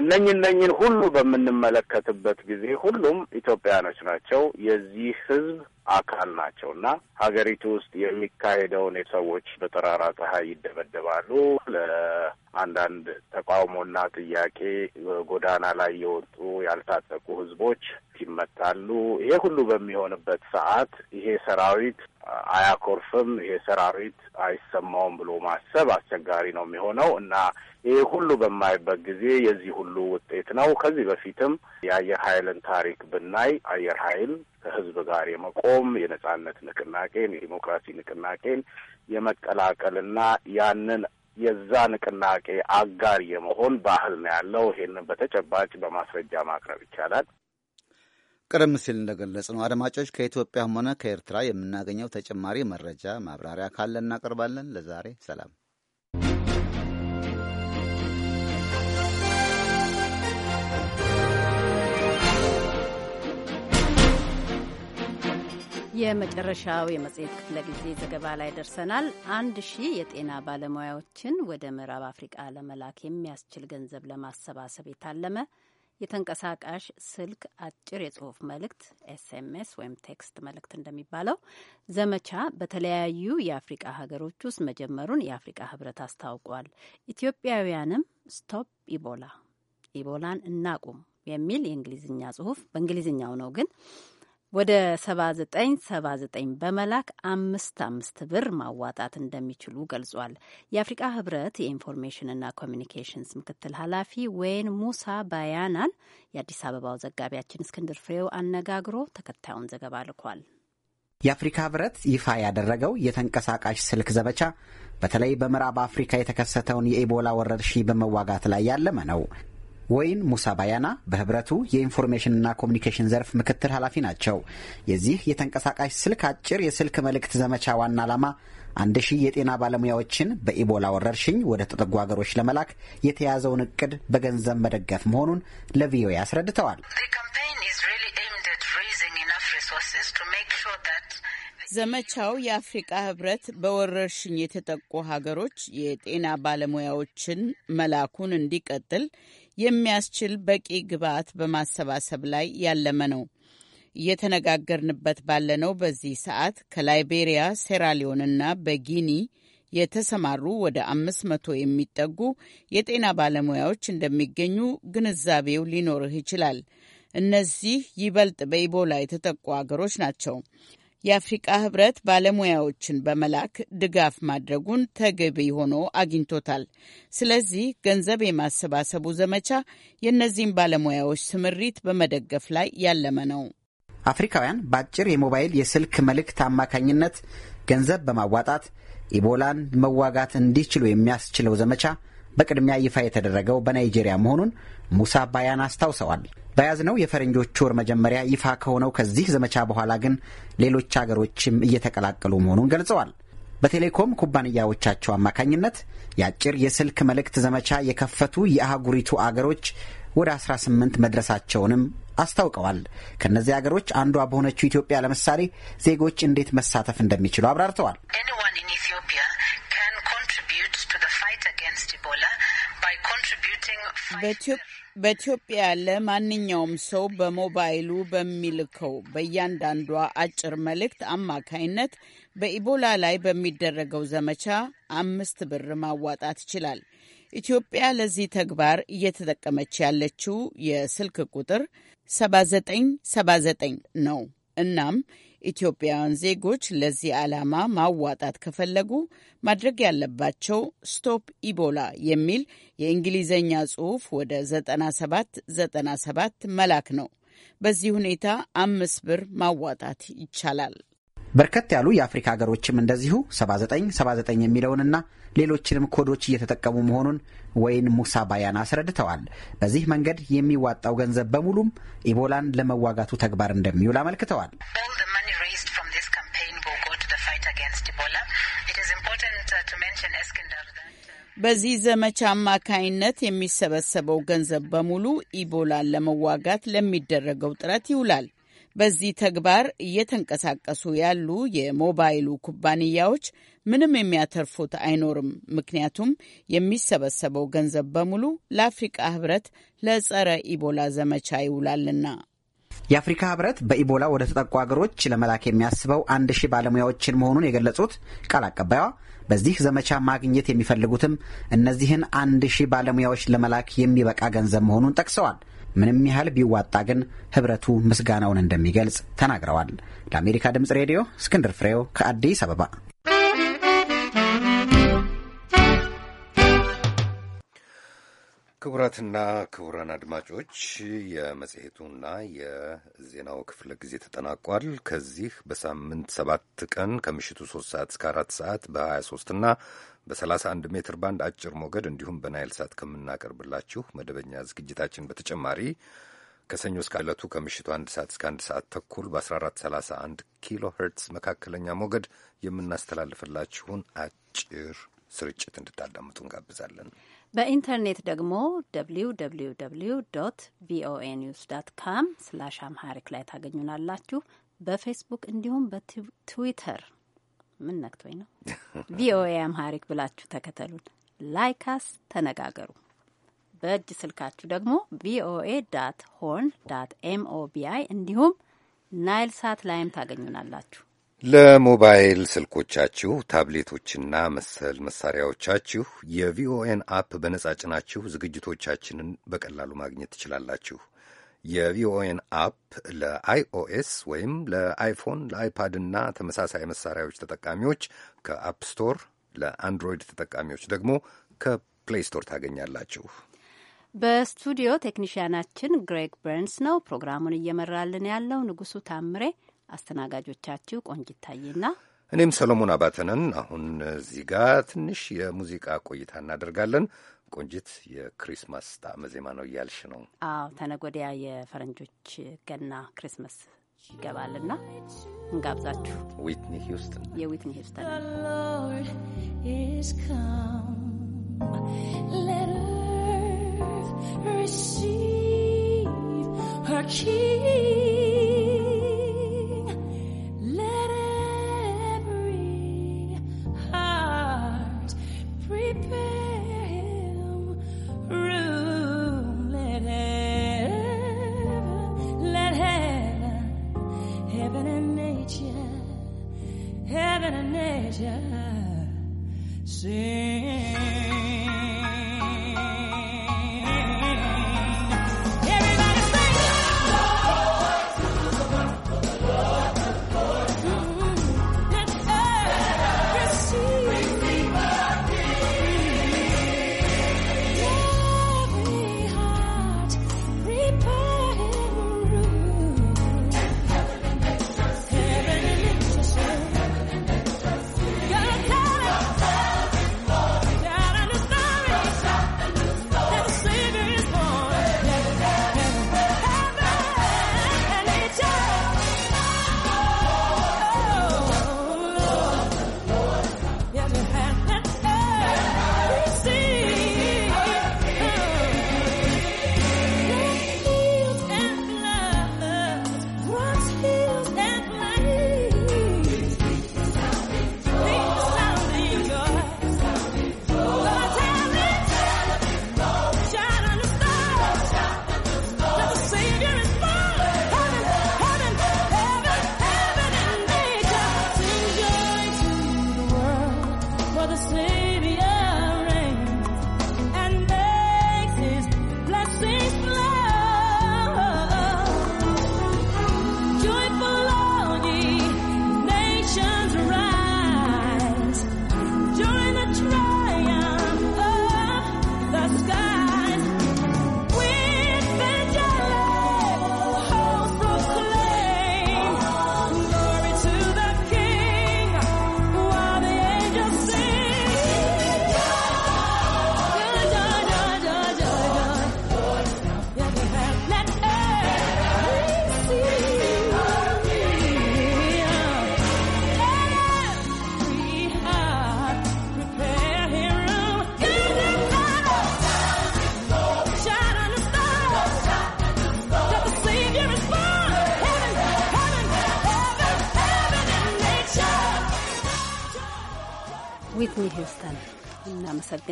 እነኝ እነኝን ሁሉ በምንመለከትበት ጊዜ ሁሉም ኢትዮጵያኖች ናቸው፣ የዚህ ህዝብ አካል ናቸው እና ሀገሪቱ ውስጥ የሚካሄደውን የሰዎች በጠራራ ፀሐይ ይደበደባሉ፣ ለአንዳንድ ተቃውሞና ጥያቄ ጎዳና ላይ የወጡ ያልታጠቁ ህዝቦች ይመታሉ። ይሄ ሁሉ በሚሆንበት ሰዓት ይሄ ሰራዊት አያኮርፍም፣ ይሄ ሰራዊት አይሰማውም ብሎ ማሰብ አስቸጋሪ ነው የሚሆነው እና ይሄ ሁሉ በማይበት ጊዜ የዚህ ሁሉ ውጤት ነው። ከዚህ በፊትም የአየር ኃይልን ታሪክ ብናይ አየር ኃይል ከህዝብ ጋር የመቆም የነጻነት ንቅናቄን የዲሞክራሲ ንቅናቄን የመቀላቀልና ያንን የዛ ንቅናቄ አጋር የመሆን ባህል ነው ያለው። ይሄንን በተጨባጭ በማስረጃ ማቅረብ ይቻላል። ቀደም ሲል እንደገለጽ ነው አድማጮች፣ ከኢትዮጵያም ሆነ ከኤርትራ የምናገኘው ተጨማሪ መረጃ ማብራሪያ ካለ እናቀርባለን። ለዛሬ ሰላም። የመጨረሻው የመጽሔት ክፍለ ጊዜ ዘገባ ላይ ደርሰናል። አንድ ሺህ የጤና ባለሙያዎችን ወደ ምዕራብ አፍሪቃ ለመላክ የሚያስችል ገንዘብ ለማሰባሰብ የታለመ የተንቀሳቃሽ ስልክ አጭር የጽሁፍ መልእክት ኤስኤምኤስ ወይም ቴክስት መልእክት እንደሚባለው ዘመቻ በተለያዩ የአፍሪቃ ሀገሮች ውስጥ መጀመሩን የአፍሪቃ ህብረት አስታውቋል። ኢትዮጵያውያንም ስቶፕ ኢቦላ ኢቦላን እናቁም የሚል የእንግሊዝኛ ጽሁፍ በእንግሊዝኛው ነው ግን ወደ 7979 በመላክ አምስት አምስት ብር ማዋጣት እንደሚችሉ ገልጿል። የአፍሪቃ ህብረት የኢንፎርሜሽንና ኮሚኒኬሽንስ ምክትል ኃላፊ ወይን ሙሳ ባያናን የአዲስ አበባው ዘጋቢያችን እስክንድር ፍሬው አነጋግሮ ተከታዩን ዘገባ ልኳል። የአፍሪካ ህብረት ይፋ ያደረገው የተንቀሳቃሽ ስልክ ዘመቻ በተለይ በምዕራብ አፍሪካ የተከሰተውን የኢቦላ ወረርሽኝ በመዋጋት ላይ ያለመ ነው። ወይን ሙሳ ባያና በህብረቱ የኢንፎርሜሽንና ኮሚኒኬሽን ዘርፍ ምክትል ኃላፊ ናቸው። የዚህ የተንቀሳቃሽ ስልክ አጭር የስልክ መልእክት ዘመቻ ዋና ዓላማ አንድ ሺህ የጤና ባለሙያዎችን በኢቦላ ወረርሽኝ ወደ ተጠጉ ሀገሮች ለመላክ የተያዘውን እቅድ በገንዘብ መደገፍ መሆኑን ለቪኦኤ አስረድተዋል። ዘመቻው የአፍሪቃ ህብረት በወረርሽኝ የተጠቁ ሀገሮች የጤና ባለሙያዎችን መላኩን እንዲቀጥል የሚያስችል በቂ ግብዓት በማሰባሰብ ላይ ያለመ ነው። እየተነጋገርንበት ባለነው በዚህ ሰዓት ከላይቤሪያ፣ ሴራሊዮንና በጊኒ የተሰማሩ ወደ አምስት መቶ የሚጠጉ የጤና ባለሙያዎች እንደሚገኙ ግንዛቤው ሊኖርህ ይችላል። እነዚህ ይበልጥ በኢቦላ የተጠቁ አገሮች ናቸው። የአፍሪቃ ህብረት ባለሙያዎችን በመላክ ድጋፍ ማድረጉን ተገቢ ሆኖ አግኝቶታል። ስለዚህ ገንዘብ የማሰባሰቡ ዘመቻ የእነዚህን ባለሙያዎች ስምሪት በመደገፍ ላይ ያለመ ነው። አፍሪካውያን በአጭር የሞባይል የስልክ መልእክት አማካኝነት ገንዘብ በማዋጣት ኢቦላን መዋጋት እንዲችሉ የሚያስችለው ዘመቻ በቅድሚያ ይፋ የተደረገው በናይጄሪያ መሆኑን ሙሳ ባያን አስታውሰዋል። በያዝነው የፈረንጆቹ ወር መጀመሪያ ይፋ ከሆነው ከዚህ ዘመቻ በኋላ ግን ሌሎች አገሮችም እየተቀላቀሉ መሆኑን ገልጸዋል። በቴሌኮም ኩባንያዎቻቸው አማካኝነት የአጭር የስልክ መልእክት ዘመቻ የከፈቱ የአህጉሪቱ አገሮች ወደ 18 መድረሳቸውንም አስታውቀዋል። ከእነዚህ አገሮች አንዷ በሆነችው ኢትዮጵያ ለምሳሌ ዜጎች እንዴት መሳተፍ እንደሚችሉ አብራርተዋል። በኢትዮጵያ ያለ ማንኛውም ሰው በሞባይሉ በሚልከው በእያንዳንዷ አጭር መልእክት አማካይነት በኢቦላ ላይ በሚደረገው ዘመቻ አምስት ብር ማዋጣት ይችላል። ኢትዮጵያ ለዚህ ተግባር እየተጠቀመች ያለችው የስልክ ቁጥር 7979 ነው። እናም ኢትዮጵያውያን ዜጎች ለዚህ ዓላማ ማዋጣት ከፈለጉ ማድረግ ያለባቸው ስቶፕ ኢቦላ የሚል የእንግሊዝኛ ጽሑፍ ወደ 9797 መላክ ነው። በዚህ ሁኔታ አምስት ብር ማዋጣት ይቻላል። በርከት ያሉ የአፍሪካ ሀገሮችም እንደዚሁ 79 79 የሚለውንና ሌሎችንም ኮዶች እየተጠቀሙ መሆኑን ወይን ሙሳ ባያን አስረድተዋል። በዚህ መንገድ የሚዋጣው ገንዘብ በሙሉም ኢቦላን ለመዋጋቱ ተግባር እንደሚውል አመልክተዋል። uh, uh, በዚህ ዘመቻ አማካይነት የሚሰበሰበው ገንዘብ በሙሉ ኢቦላን ለመዋጋት ለሚደረገው ጥረት ይውላል። በዚህ ተግባር እየተንቀሳቀሱ ያሉ የሞባይሉ ኩባንያዎች ምንም የሚያተርፉት አይኖርም። ምክንያቱም የሚሰበሰበው ገንዘብ በሙሉ ለአፍሪቃ ህብረት ለጸረ ኢቦላ ዘመቻ ይውላልና። የአፍሪካ ህብረት በኢቦላ ወደ ተጠቁ አገሮች ለመላክ የሚያስበው አንድ ሺህ ባለሙያዎችን መሆኑን የገለጹት ቃል አቀባይዋ በዚህ ዘመቻ ማግኘት የሚፈልጉትም እነዚህን አንድ ሺህ ባለሙያዎች ለመላክ የሚበቃ ገንዘብ መሆኑን ጠቅሰዋል። ምንም ያህል ቢዋጣ ግን ህብረቱ ምስጋናውን እንደሚገልጽ ተናግረዋል። ለአሜሪካ ድምጽ ሬዲዮ እስክንድር ፍሬው ከአዲስ አበባ። ክቡራትና ክቡራን አድማጮች የመጽሔቱና የዜናው ክፍለ ጊዜ ተጠናቋል። ከዚህ በሳምንት ሰባት ቀን ከምሽቱ ሶስት ሰዓት እስከ አራት ሰዓት በ23 እና በ31 ሜትር ባንድ አጭር ሞገድ እንዲሁም በናይል ሳት ከምናቀርብላችሁ መደበኛ ዝግጅታችን በተጨማሪ ከሰኞ እስከ ዕለቱ ከምሽቱ አንድ ሰዓት እስከ አንድ ሰዓት ተኩል በ1431 ኪሎ ሄርትስ መካከለኛ ሞገድ የምናስተላልፍላችሁን አጭር ስርጭት እንድታዳምጡ እንጋብዛለን። በኢንተርኔት ደግሞ ደብሊው ደብሊው ደብሊው ዶት ቪኦኤ ኒውስ ዶት ካም ስላሽ አምሃሪክ ላይ ታገኙናላችሁ። በፌስቡክ እንዲሁም በትዊተር ምን ነክቶኝ ነው? ቪኦኤ አምሃሪክ ብላችሁ ተከተሉን፣ ላይካስ ተነጋገሩ። በእጅ ስልካችሁ ደግሞ ቪኦኤ ዳት ሆን ዳት ኤምኦቢአይ እንዲሁም ናይል ሳት ላይም ታገኙናላችሁ። ለሞባይል ስልኮቻችሁ ታብሌቶችና መሰል መሳሪያዎቻችሁ የቪኦኤን አፕ በነጻ ጭናችሁ ዝግጅቶቻችንን በቀላሉ ማግኘት ትችላላችሁ። የቪኦኤን አፕ ለአይኦኤስ ወይም ለአይፎን ለአይፓድ እና ተመሳሳይ መሳሪያዎች ተጠቃሚዎች ከአፕ ስቶር፣ ለአንድሮይድ ተጠቃሚዎች ደግሞ ከፕሌይ ስቶር ታገኛላችሁ። በስቱዲዮ ቴክኒሽያናችን ግሬግ በርንስ ነው ፕሮግራሙን እየመራልን ያለው። ንጉሱ ታምሬ፣ አስተናጋጆቻችሁ ቆንጅ ታዬና እኔም ሰሎሞን አባተነን። አሁን እዚህ ጋር ትንሽ የሙዚቃ ቆይታ እናደርጋለን። ቆንጂት የክሪስማስ ጣዕመ ዜማ ነው እያልሽ ነው? አዎ፣ ተነጎዲያ የፈረንጆች ገና ክሪስማስ ይገባልና እንጋብዛችሁ። ዊትኒ ሂውስተን የዊትኒ ሂውስተን heaven and nature sing.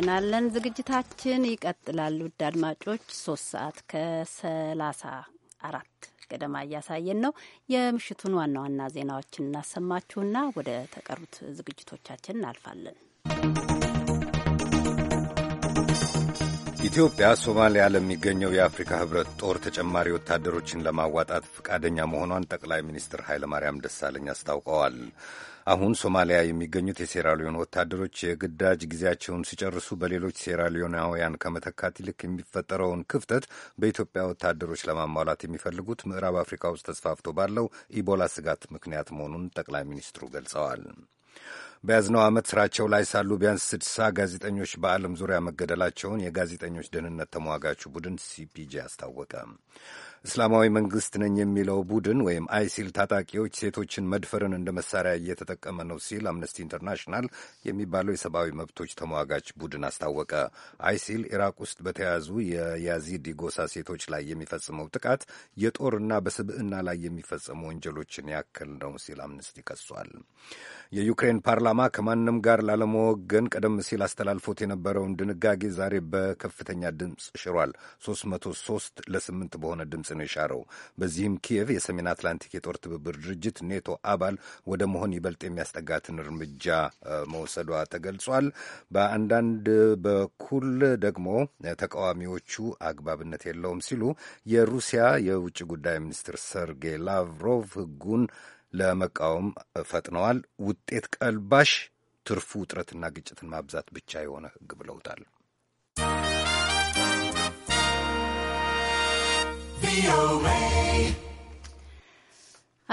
እናመሰግናለን። ዝግጅታችን ይቀጥላል። ውድ አድማጮች ሶስት ሰዓት ከሰላሳ አራት ገደማ እያሳየን ነው። የምሽቱን ዋና ዋና ዜናዎችን እናሰማችሁና ወደ ተቀሩት ዝግጅቶቻችን እናልፋለን። ኢትዮጵያ ሶማሊያ ለሚገኘው የአፍሪካ ህብረት ጦር ተጨማሪ ወታደሮችን ለማዋጣት ፈቃደኛ መሆኗን ጠቅላይ ሚኒስትር ኃይለማርያም ደሳለኝ አስታውቀዋል። አሁን ሶማሊያ የሚገኙት የሴራሊዮን ወታደሮች የግዳጅ ጊዜያቸውን ሲጨርሱ በሌሎች ሴራሊዮናውያን ከመተካት ይልቅ የሚፈጠረውን ክፍተት በኢትዮጵያ ወታደሮች ለማሟላት የሚፈልጉት ምዕራብ አፍሪካ ውስጥ ተስፋፍቶ ባለው ኢቦላ ስጋት ምክንያት መሆኑን ጠቅላይ ሚኒስትሩ ገልጸዋል። በያዝነው ዓመት ስራቸው ላይ ሳሉ ቢያንስ ስድሳ ጋዜጠኞች በዓለም ዙሪያ መገደላቸውን የጋዜጠኞች ደህንነት ተሟጋቹ ቡድን ሲፒጄ አስታወቀ። እስላማዊ መንግስት ነኝ የሚለው ቡድን ወይም አይሲል ታጣቂዎች ሴቶችን መድፈርን እንደ መሳሪያ እየተጠቀመ ነው ሲል አምነስቲ ኢንተርናሽናል የሚባለው የሰብአዊ መብቶች ተሟጋች ቡድን አስታወቀ። አይሲል ኢራቅ ውስጥ በተያዙ የያዚድ ጎሳ ሴቶች ላይ የሚፈጽመው ጥቃት የጦርና በስብዕና ላይ የሚፈጸሙ ወንጀሎችን ያክል ነው ሲል አምነስቲ ከሷል። የዩክሬን ፓርላማ ከማንም ጋር ላለመወገን ቀደም ሲል አስተላልፎት የነበረውን ድንጋጌ ዛሬ በከፍተኛ ድምፅ ሽሯል። 303 ለ8 በሆነ ድምፅ ነው የሻረው። በዚህም ኪየቭ የሰሜን አትላንቲክ የጦር ትብብር ድርጅት ኔቶ አባል ወደ መሆን ይበልጥ የሚያስጠጋትን እርምጃ መውሰዷ ተገልጿል። በአንዳንድ በኩል ደግሞ ተቃዋሚዎቹ አግባብነት የለውም ሲሉ የሩሲያ የውጭ ጉዳይ ሚኒስትር ሰርጌይ ላቭሮቭ ህጉን ለመቃወም ፈጥነዋል። ውጤት ቀልባሽ ትርፉ ውጥረትና ግጭትን ማብዛት ብቻ የሆነ ህግ ብለውታል።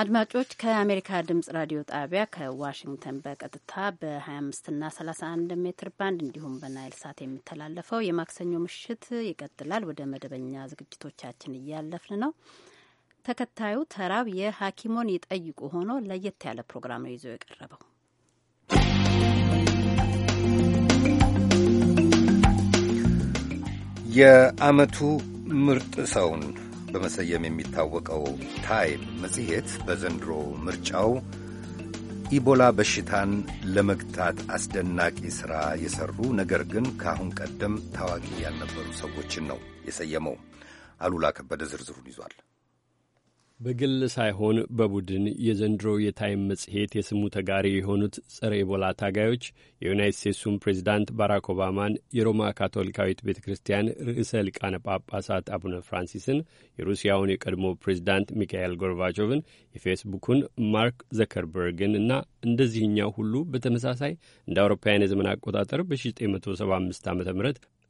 አድማጮች ከአሜሪካ ድምጽ ራዲዮ ጣቢያ ከዋሽንግተን በቀጥታ በ25ና 31 ሜትር ባንድ እንዲሁም በናይል ሳት የሚተላለፈው የማክሰኞ ምሽት ይቀጥላል። ወደ መደበኛ ዝግጅቶቻችን እያለፍን ነው። ተከታዩ ተራብ የሐኪሞን ይጠይቁ ሆኖ ለየት ያለ ፕሮግራም ነው ይዞ የቀረበው። የዓመቱ ምርጥ ሰውን በመሰየም የሚታወቀው ታይም መጽሔት በዘንድሮ ምርጫው ኢቦላ በሽታን ለመግታት አስደናቂ ሥራ የሠሩ ነገር ግን ከአሁን ቀደም ታዋቂ ያልነበሩ ሰዎችን ነው የሰየመው። አሉላ ከበደ ዝርዝሩን ይዟል። በግል ሳይሆን በቡድን የዘንድሮ የታይም መጽሔት የስሙ ተጋሪ የሆኑት ጸረ ኢቦላ ታጋዮች የዩናይት ስቴትሱን ፕሬዚዳንት ባራክ ኦባማን፣ የሮማ ካቶሊካዊት ቤተ ክርስቲያን ርዕሰ ሊቃነ ጳጳሳት አቡነ ፍራንሲስን፣ የሩሲያውን የቀድሞ ፕሬዚዳንት ሚካኤል ጎርባቾቭን፣ የፌስቡኩን ማርክ ዘከርበርግን እና እንደዚህኛው ሁሉ በተመሳሳይ እንደ አውሮፓውያን የዘመን አቆጣጠር በ1975 ዓ ም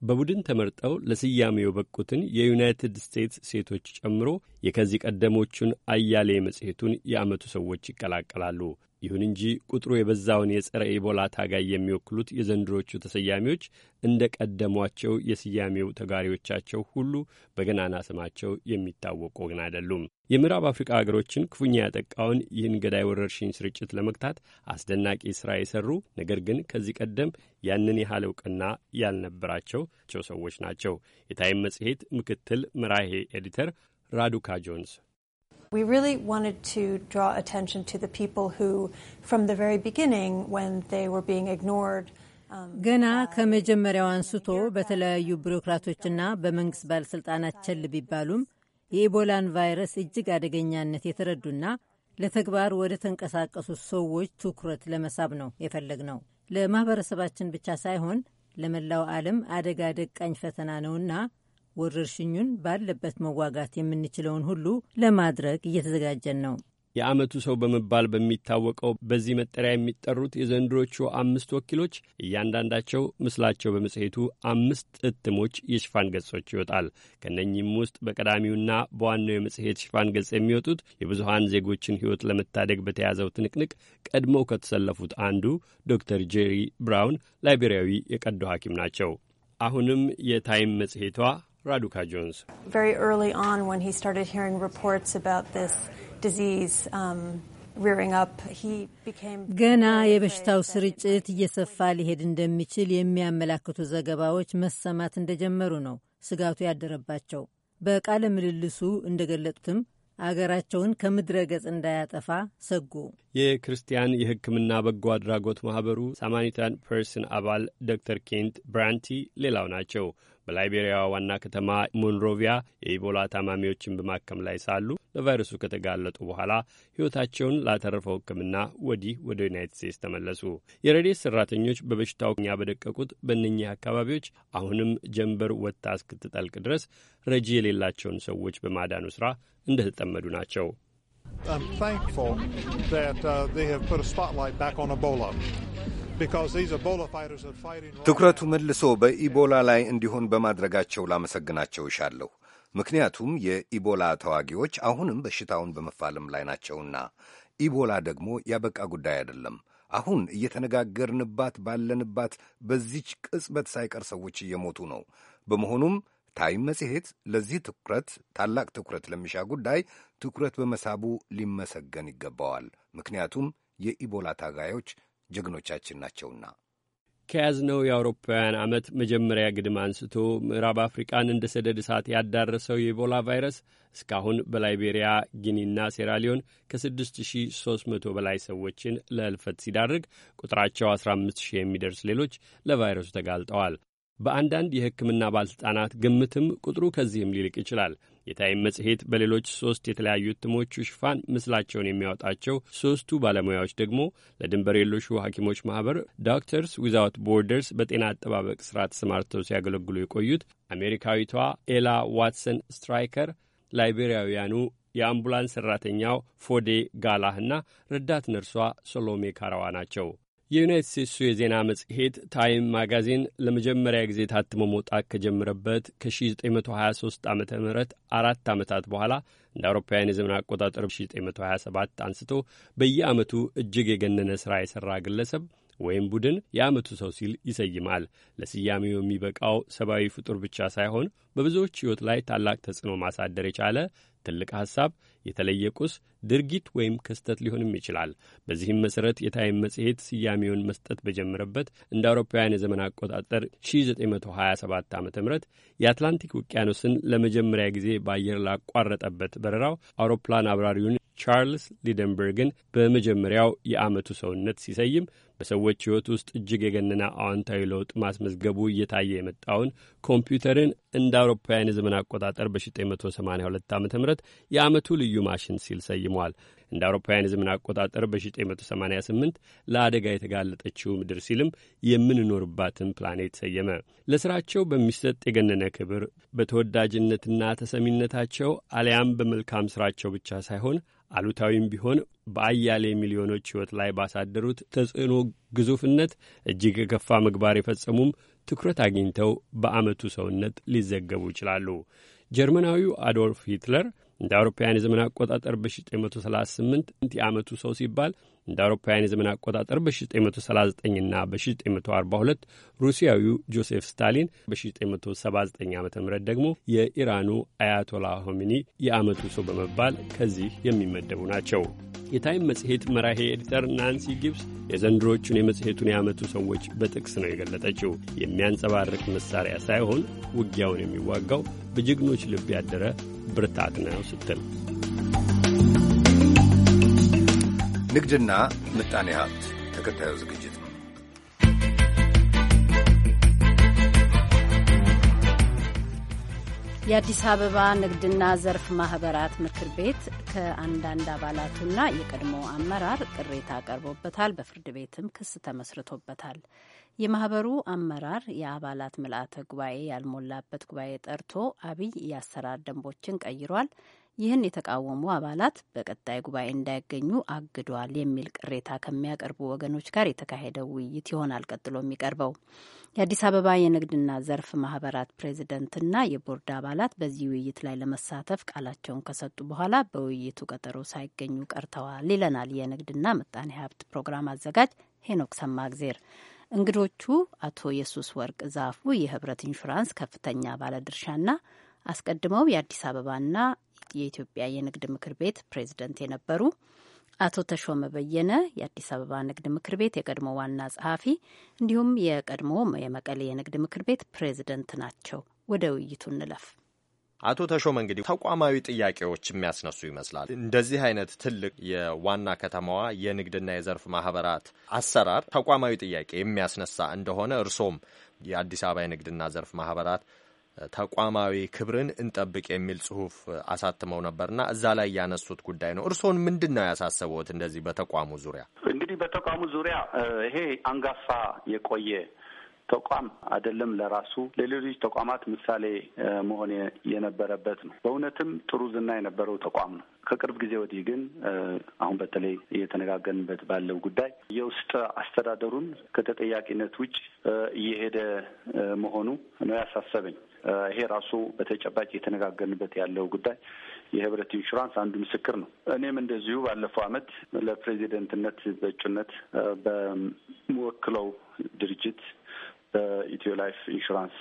በቡድን ተመርጠው ለስያሜው የበቁትን የዩናይትድ ስቴትስ ሴቶች ጨምሮ የከዚህ ቀደሞቹን አያሌ መጽሔቱን የአመቱ ሰዎች ይቀላቀላሉ። ይሁን እንጂ ቁጥሩ የበዛውን የጸረ ኢቦላ ታጋይ የሚወክሉት የዘንድሮቹ ተሰያሚዎች እንደ ቀደሟቸው የስያሜው ተጋሪዎቻቸው ሁሉ በገናና ስማቸው የሚታወቁ ግን አይደሉም። የምዕራብ አፍሪካ አገሮችን ክፉኛ ያጠቃውን ይህን ገዳይ ወረርሽኝ ስርጭት ለመግታት አስደናቂ ሥራ የሠሩ ነገር ግን ከዚህ ቀደም ያንን ያህል እውቅና ያልነበራቸው ሰዎች ናቸው። የታይም መጽሔት ምክትል መራሄ ኤዲተር ራዱካ ጆንስ We really wanted to draw attention to the people who, from the very beginning, when they were being ignored, um, ገና ከመጀመሪያው አንስቶ በተለያዩ ቢሮክራቶችና በመንግሥት ባለሥልጣናት ቸል ቢባሉም የኢቦላን ቫይረስ እጅግ አደገኛነት የተረዱና ለተግባር ወደ ተንቀሳቀሱ ሰዎች ትኩረት ለመሳብ ነው የፈለግ ነው። ለማኅበረሰባችን ብቻ ሳይሆን ለመላው ዓለም አደጋ ደቃኝ ፈተና ነውና ወረርሽኙን ባለበት መዋጋት የምንችለውን ሁሉ ለማድረግ እየተዘጋጀን ነው። የዓመቱ ሰው በመባል በሚታወቀው በዚህ መጠሪያ የሚጠሩት የዘንድሮቹ አምስት ወኪሎች እያንዳንዳቸው ምስላቸው በመጽሔቱ አምስት እትሞች የሽፋን ገጾች ይወጣል። ከእነኚህም ውስጥ በቀዳሚውና በዋናው የመጽሔት ሽፋን ገጽ የሚወጡት የብዙሀን ዜጎችን ሕይወት ለመታደግ በተያዘው ትንቅንቅ ቀድመው ከተሰለፉት አንዱ ዶክተር ጄሪ ብራውን ላይቤሪያዊ የቀዶ ሐኪም ናቸው። አሁንም የታይም መጽሔቷ ራዱካ ጆንስ um, ገና የበሽታው ስርጭት እየሰፋ ሊሄድ እንደሚችል የሚያመላክቱ ዘገባዎች መሰማት እንደጀመሩ ነው ስጋቱ ያደረባቸው። በቃለ ምልልሱ እንደገለጡትም አገራቸውን ከምድረ ገጽ እንዳያጠፋ ሰጉ። የክርስቲያን የሕክምና በጎ አድራጎት ማኅበሩ ሳማኒታን ፐርስን አባል ዶክተር ኬንት ብራንቲ ሌላው ናቸው። በላይቤሪያ ዋና ከተማ ሞንሮቪያ የኢቦላ ታማሚዎችን በማከም ላይ ሳሉ ለቫይረሱ ከተጋለጡ በኋላ ሕይወታቸውን ላተረፈው ሕክምና ወዲህ ወደ ዩናይትድ ስቴትስ ተመለሱ። የረዴት ሠራተኞች በበሽታው ኛ በደቀቁት በእነኚህ አካባቢዎች አሁንም ጀንበር ወጥታ እስክትጠልቅ ድረስ ረጂ የሌላቸውን ሰዎች በማዳኑ ሥራ እንደተጠመዱ ናቸው። I'm thankful that uh, they have put a spotlight back on Ebola. ትኩረቱ መልሶ በኢቦላ ላይ እንዲሆን በማድረጋቸው ላመሰግናቸው እሻለሁ። ምክንያቱም የኢቦላ ተዋጊዎች አሁንም በሽታውን በመፋለም ላይ ናቸውና፣ ኢቦላ ደግሞ ያበቃ ጉዳይ አይደለም። አሁን እየተነጋገርንባት ባለንባት በዚች ቅጽበት ሳይቀር ሰዎች እየሞቱ ነው። በመሆኑም ታይም መጽሔት ለዚህ ትኩረት ታላቅ ትኩረት ለሚሻ ጉዳይ ትኩረት በመሳቡ ሊመሰገን ይገባዋል። ምክንያቱም የኢቦላ ታጋዮች ጀግኖቻችን ናቸውና። ከያዝነው የአውሮፓውያን ዓመት መጀመሪያ ግድም አንስቶ ምዕራብ አፍሪቃን እንደ ሰደድ እሳት ያዳረሰው የኢቦላ ቫይረስ እስካሁን በላይቤሪያ ጊኒና ሴራሊዮን ከ6300 በላይ ሰዎችን ለእልፈት ሲዳርግ ቁጥራቸው 15000 የሚደርስ ሌሎች ለቫይረሱ ተጋልጠዋል። በአንዳንድ የሕክምና ባለሥልጣናት ግምትም ቁጥሩ ከዚህም ሊልቅ ይችላል። የታይም መጽሔት በሌሎች ሶስት የተለያዩ እትሞቹ ሽፋን ምስላቸውን የሚያወጣቸው ሶስቱ ባለሙያዎች ደግሞ ለድንበር የለሹ ሐኪሞች ማህበር ዶክተርስ ዊዛውት ቦርደርስ በጤና አጠባበቅ ስራ ተሰማርተው ሲያገለግሉ የቆዩት አሜሪካዊቷ ኤላ ዋትሰን ስትራይከር፣ ላይቤሪያውያኑ የአምቡላንስ ሠራተኛው ፎዴ ጋላህና ረዳት ነርሷ ሶሎሜ ካራዋ ናቸው። የዩናይት ስቴትሱ የዜና መጽሔት ታይም ማጋዚን ለመጀመሪያ ጊዜ ታትሞ መውጣት ከጀመረበት ከ1923 ዓ ም አራት ዓመታት በኋላ እንደ አውሮፓውያን የዘመን አቆጣጠር 1927 አንስቶ በየዓመቱ እጅግ የገነነ ሥራ የሠራ ግለሰብ ወይም ቡድን የዓመቱ ሰው ሲል ይሰይማል። ለስያሜው የሚበቃው ሰብአዊ ፍጡር ብቻ ሳይሆን በብዙዎች ሕይወት ላይ ታላቅ ተጽዕኖ ማሳደር የቻለ ትልቅ ሐሳብ፣ የተለየ ቁስ፣ ድርጊት ወይም ክስተት ሊሆንም ይችላል። በዚህም መሠረት የታይም መጽሔት ስያሜውን መስጠት በጀመረበት እንደ አውሮፓውያን የዘመን አቆጣጠር 1927 ዓ ም የአትላንቲክ ውቅያኖስን ለመጀመሪያ ጊዜ በአየር ላቋረጠበት በረራው አውሮፕላን አብራሪውን ቻርልስ ሊደንበርግን በመጀመሪያው የዓመቱ ሰውነት ሲሰይም በሰዎች ሕይወት ውስጥ እጅግ የገነና አዎንታዊ ለውጥ ማስመዝገቡ እየታየ የመጣውን ኮምፒውተርን እንደ አውሮፓውያን የዘመን አቆጣጠር በ1982 ዓ ም የዓመቱ ልዩ ማሽን ሲል ሰይሟል። እንደ አውሮፓውያን የዘመን አቆጣጠር በ1988 ለአደጋ የተጋለጠችው ምድር ሲልም የምንኖርባትን ፕላኔት ሰየመ። ለስራቸው በሚሰጥ የገነነ ክብር በተወዳጅነትና ተሰሚነታቸው አሊያም በመልካም ስራቸው ብቻ ሳይሆን አሉታዊም ቢሆን በአያሌ ሚሊዮኖች ሕይወት ላይ ባሳደሩት ተጽዕኖ ግዙፍነት እጅግ የከፋ ምግባር የፈጸሙም ትኩረት አግኝተው በዓመቱ ሰውነት ሊዘገቡ ይችላሉ። ጀርመናዊው አዶልፍ ሂትለር እንደ አውሮፓውያን የዘመን አቆጣጠር በ1938 የዓመቱ ሰው ሲባል እንደ አውሮፓውያን የዘመን አቆጣጠር በ1939ና በ1942 ሩሲያዊው ጆሴፍ ስታሊን በ1979 ዓ ም ደግሞ የኢራኑ አያቶላ ሆሚኒ የአመቱ ሰው በመባል ከዚህ የሚመደቡ ናቸው። የታይም መጽሔት መራሄ ኤዲተር ናንሲ ጊብስ የዘንድሮቹን የመጽሔቱን የዓመቱ ሰዎች በጥቅስ ነው የገለጠችው። የሚያንጸባርቅ መሳሪያ ሳይሆን ውጊያውን የሚዋጋው በጀግኖች ልብ ያደረ ብርታት ነው ስትል ንግድና ምጣኔ ሀብት ተከታዩ ዝግጅት ነው። የአዲስ አበባ ንግድና ዘርፍ ማህበራት ምክር ቤት ከአንዳንድ አባላቱና የቀድሞ አመራር ቅሬታ ቀርቦበታል። በፍርድ ቤትም ክስ ተመስርቶበታል። የማህበሩ አመራር የአባላት ምልአተ ጉባኤ ያልሞላበት ጉባኤ ጠርቶ አብይ የአሰራር ደንቦችን ቀይሯል፣ ይህን የተቃወሙ አባላት በቀጣይ ጉባኤ እንዳይገኙ አግዷል የሚል ቅሬታ ከሚያቀርቡ ወገኖች ጋር የተካሄደው ውይይት ይሆናል ቀጥሎ የሚቀርበው። የአዲስ አበባ የንግድና ዘርፍ ማህበራት ፕሬዚደንትና የቦርድ አባላት በዚህ ውይይት ላይ ለመሳተፍ ቃላቸውን ከሰጡ በኋላ በውይይቱ ቀጠሮ ሳይገኙ ቀርተዋል ይለናል የንግድና ምጣኔ ሀብት ፕሮግራም አዘጋጅ ሄኖክ ሰማግዜር። እንግዶቹ አቶ የሱስ ወርቅ ዛፉ የህብረት ኢንሹራንስ ከፍተኛ ባለድርሻና አስቀድመው የአዲስ አበባና የኢትዮጵያ የንግድ ምክር ቤት ፕሬዝደንት የነበሩ አቶ ተሾመ በየነ የአዲስ አበባ ንግድ ምክር ቤት የቀድሞ ዋና ጸሐፊ እንዲሁም የቀድሞ የመቀሌ የንግድ ምክር ቤት ፕሬዝደንት ናቸው። ወደ ውይይቱ እንለፍ። አቶ ተሾመ እንግዲህ ተቋማዊ ጥያቄዎች የሚያስነሱ ይመስላል። እንደዚህ አይነት ትልቅ የዋና ከተማዋ የንግድና የዘርፍ ማህበራት አሰራር ተቋማዊ ጥያቄ የሚያስነሳ እንደሆነ እርሶም የአዲስ አበባ የንግድና ዘርፍ ማህበራት ተቋማዊ ክብርን እንጠብቅ የሚል ጽሁፍ አሳትመው ነበርና እዛ ላይ ያነሱት ጉዳይ ነው። እርስዎን ምንድን ነው ያሳሰበዎት? እንደዚህ በተቋሙ ዙሪያ እንግዲህ በተቋሙ ዙሪያ ይሄ አንጋፋ የቆየ ተቋም አይደለም። ለራሱ ለሌሎች ተቋማት ምሳሌ መሆን የነበረበት ነው። በእውነትም ጥሩ ዝና የነበረው ተቋም ነው። ከቅርብ ጊዜ ወዲህ ግን አሁን በተለይ እየተነጋገርንበት ባለው ጉዳይ የውስጥ አስተዳደሩን ከተጠያቂነት ውጭ እየሄደ መሆኑ ነው ያሳሰበኝ። ይሄ ራሱ በተጨባጭ የተነጋገርንበት ያለው ጉዳይ የህብረት ኢንሹራንስ አንዱ ምስክር ነው። እኔም እንደዚሁ ባለፈው አመት ለፕሬዚደንትነት በእጩነት በምወክለው ድርጅት በኢትዮ ላይፍ ኢንሹራንስ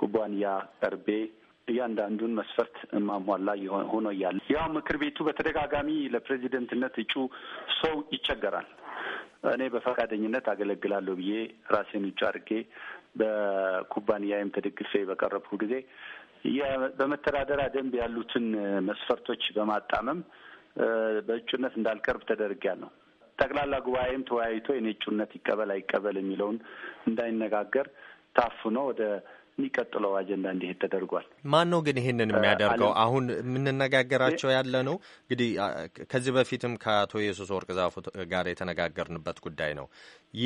ኩባንያ ቀርቤ እያንዳንዱን መስፈርት ማሟላ ሆኖ እያለ ያው ምክር ቤቱ በተደጋጋሚ ለፕሬዚደንትነት እጩ ሰው ይቸገራል። እኔ በፈቃደኝነት አገለግላለሁ ብዬ ራሴን ውጭ አድርጌ በኩባንያዬም ተደግፌ በቀረብኩ ጊዜ በመተዳደሪያ ደንብ ያሉትን መስፈርቶች በማጣመም በእጩነት እንዳልቀርብ ተደርጊያለሁ። ጠቅላላ ጉባኤም ተወያይቶ የኔ እጩነት ይቀበል አይቀበል የሚለውን እንዳይነጋገር ታፍኖ ወደ የሚቀጥለው አጀንዳ እንዲሄድ ተደርጓል። ማን ነው ግን ይህንን የሚያደርገው? አሁን የምንነጋገራቸው ያለ ነው እንግዲህ ከዚህ በፊትም ከአቶ ኢየሱስ ወርቅ ዛፉ ጋር የተነጋገርንበት ጉዳይ ነው።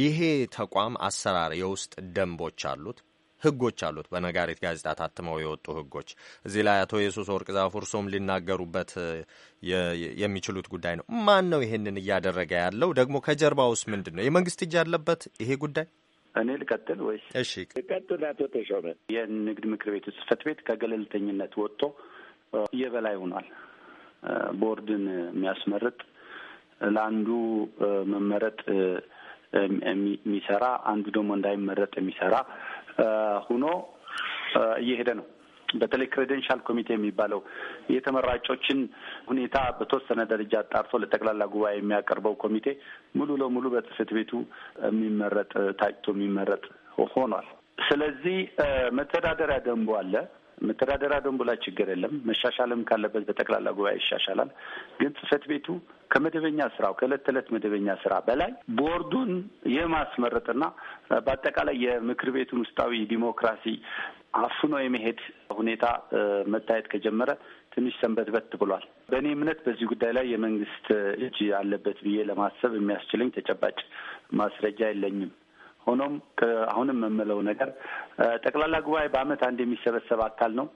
ይሄ ተቋም አሰራር የውስጥ ደንቦች አሉት ህጎች አሉት። በነጋሪት ጋዜጣ ታትመው የወጡ ህጎች እዚህ ላይ አቶ ኢየሱስ ወርቅ ዛፉ እርሶም ሊናገሩበት የሚችሉት ጉዳይ ነው። ማን ነው ይሄንን እያደረገ ያለው? ደግሞ ከጀርባ ውስጥ ምንድን ነው? የመንግስት እጅ ያለበት ይሄ ጉዳይ እኔ ልቀጥል ወይስ? እሺ ልቀጥል። አቶ ተሾመ የንግድ ምክር ቤቱ ጽህፈት ቤት ከገለልተኝነት ወጥቶ የበላይ ሆኗል። ቦርድን የሚያስመርጥ ለአንዱ መመረጥ የሚሰራ አንዱ ደግሞ እንዳይመረጥ የሚሰራ ሁኖ እየሄደ ነው። በተለይ ክሬደንሻል ኮሚቴ የሚባለው የተመራጮችን ሁኔታ በተወሰነ ደረጃ አጣርቶ ለጠቅላላ ጉባኤ የሚያቀርበው ኮሚቴ ሙሉ ለሙሉ በጽህፈት ቤቱ የሚመረጥ ታጭቶ የሚመረጥ ሆኗል። ስለዚህ መተዳደሪያ ደንቡ አለ። መተዳደሪያ ደንቡ ላይ ችግር የለም። መሻሻልም ካለበት በጠቅላላ ጉባኤ ይሻሻላል። ግን ጽህፈት ቤቱ ከመደበኛ ስራው ከእለት ተዕለት መደበኛ ስራ በላይ ቦርዱን የማስመረጥና በአጠቃላይ የምክር ቤቱን ውስጣዊ ዲሞክራሲ አፍኖ የመሄድ ሁኔታ መታየት ከጀመረ ትንሽ ሰንበት በት ብሏል። በእኔ እምነት በዚህ ጉዳይ ላይ የመንግስት እጅ አለበት ብዬ ለማሰብ የሚያስችለኝ ተጨባጭ ማስረጃ የለኝም። ሆኖም አሁንም የምለው ነገር ጠቅላላ ጉባኤ በአመት አንድ የሚሰበሰብ አካል ነው።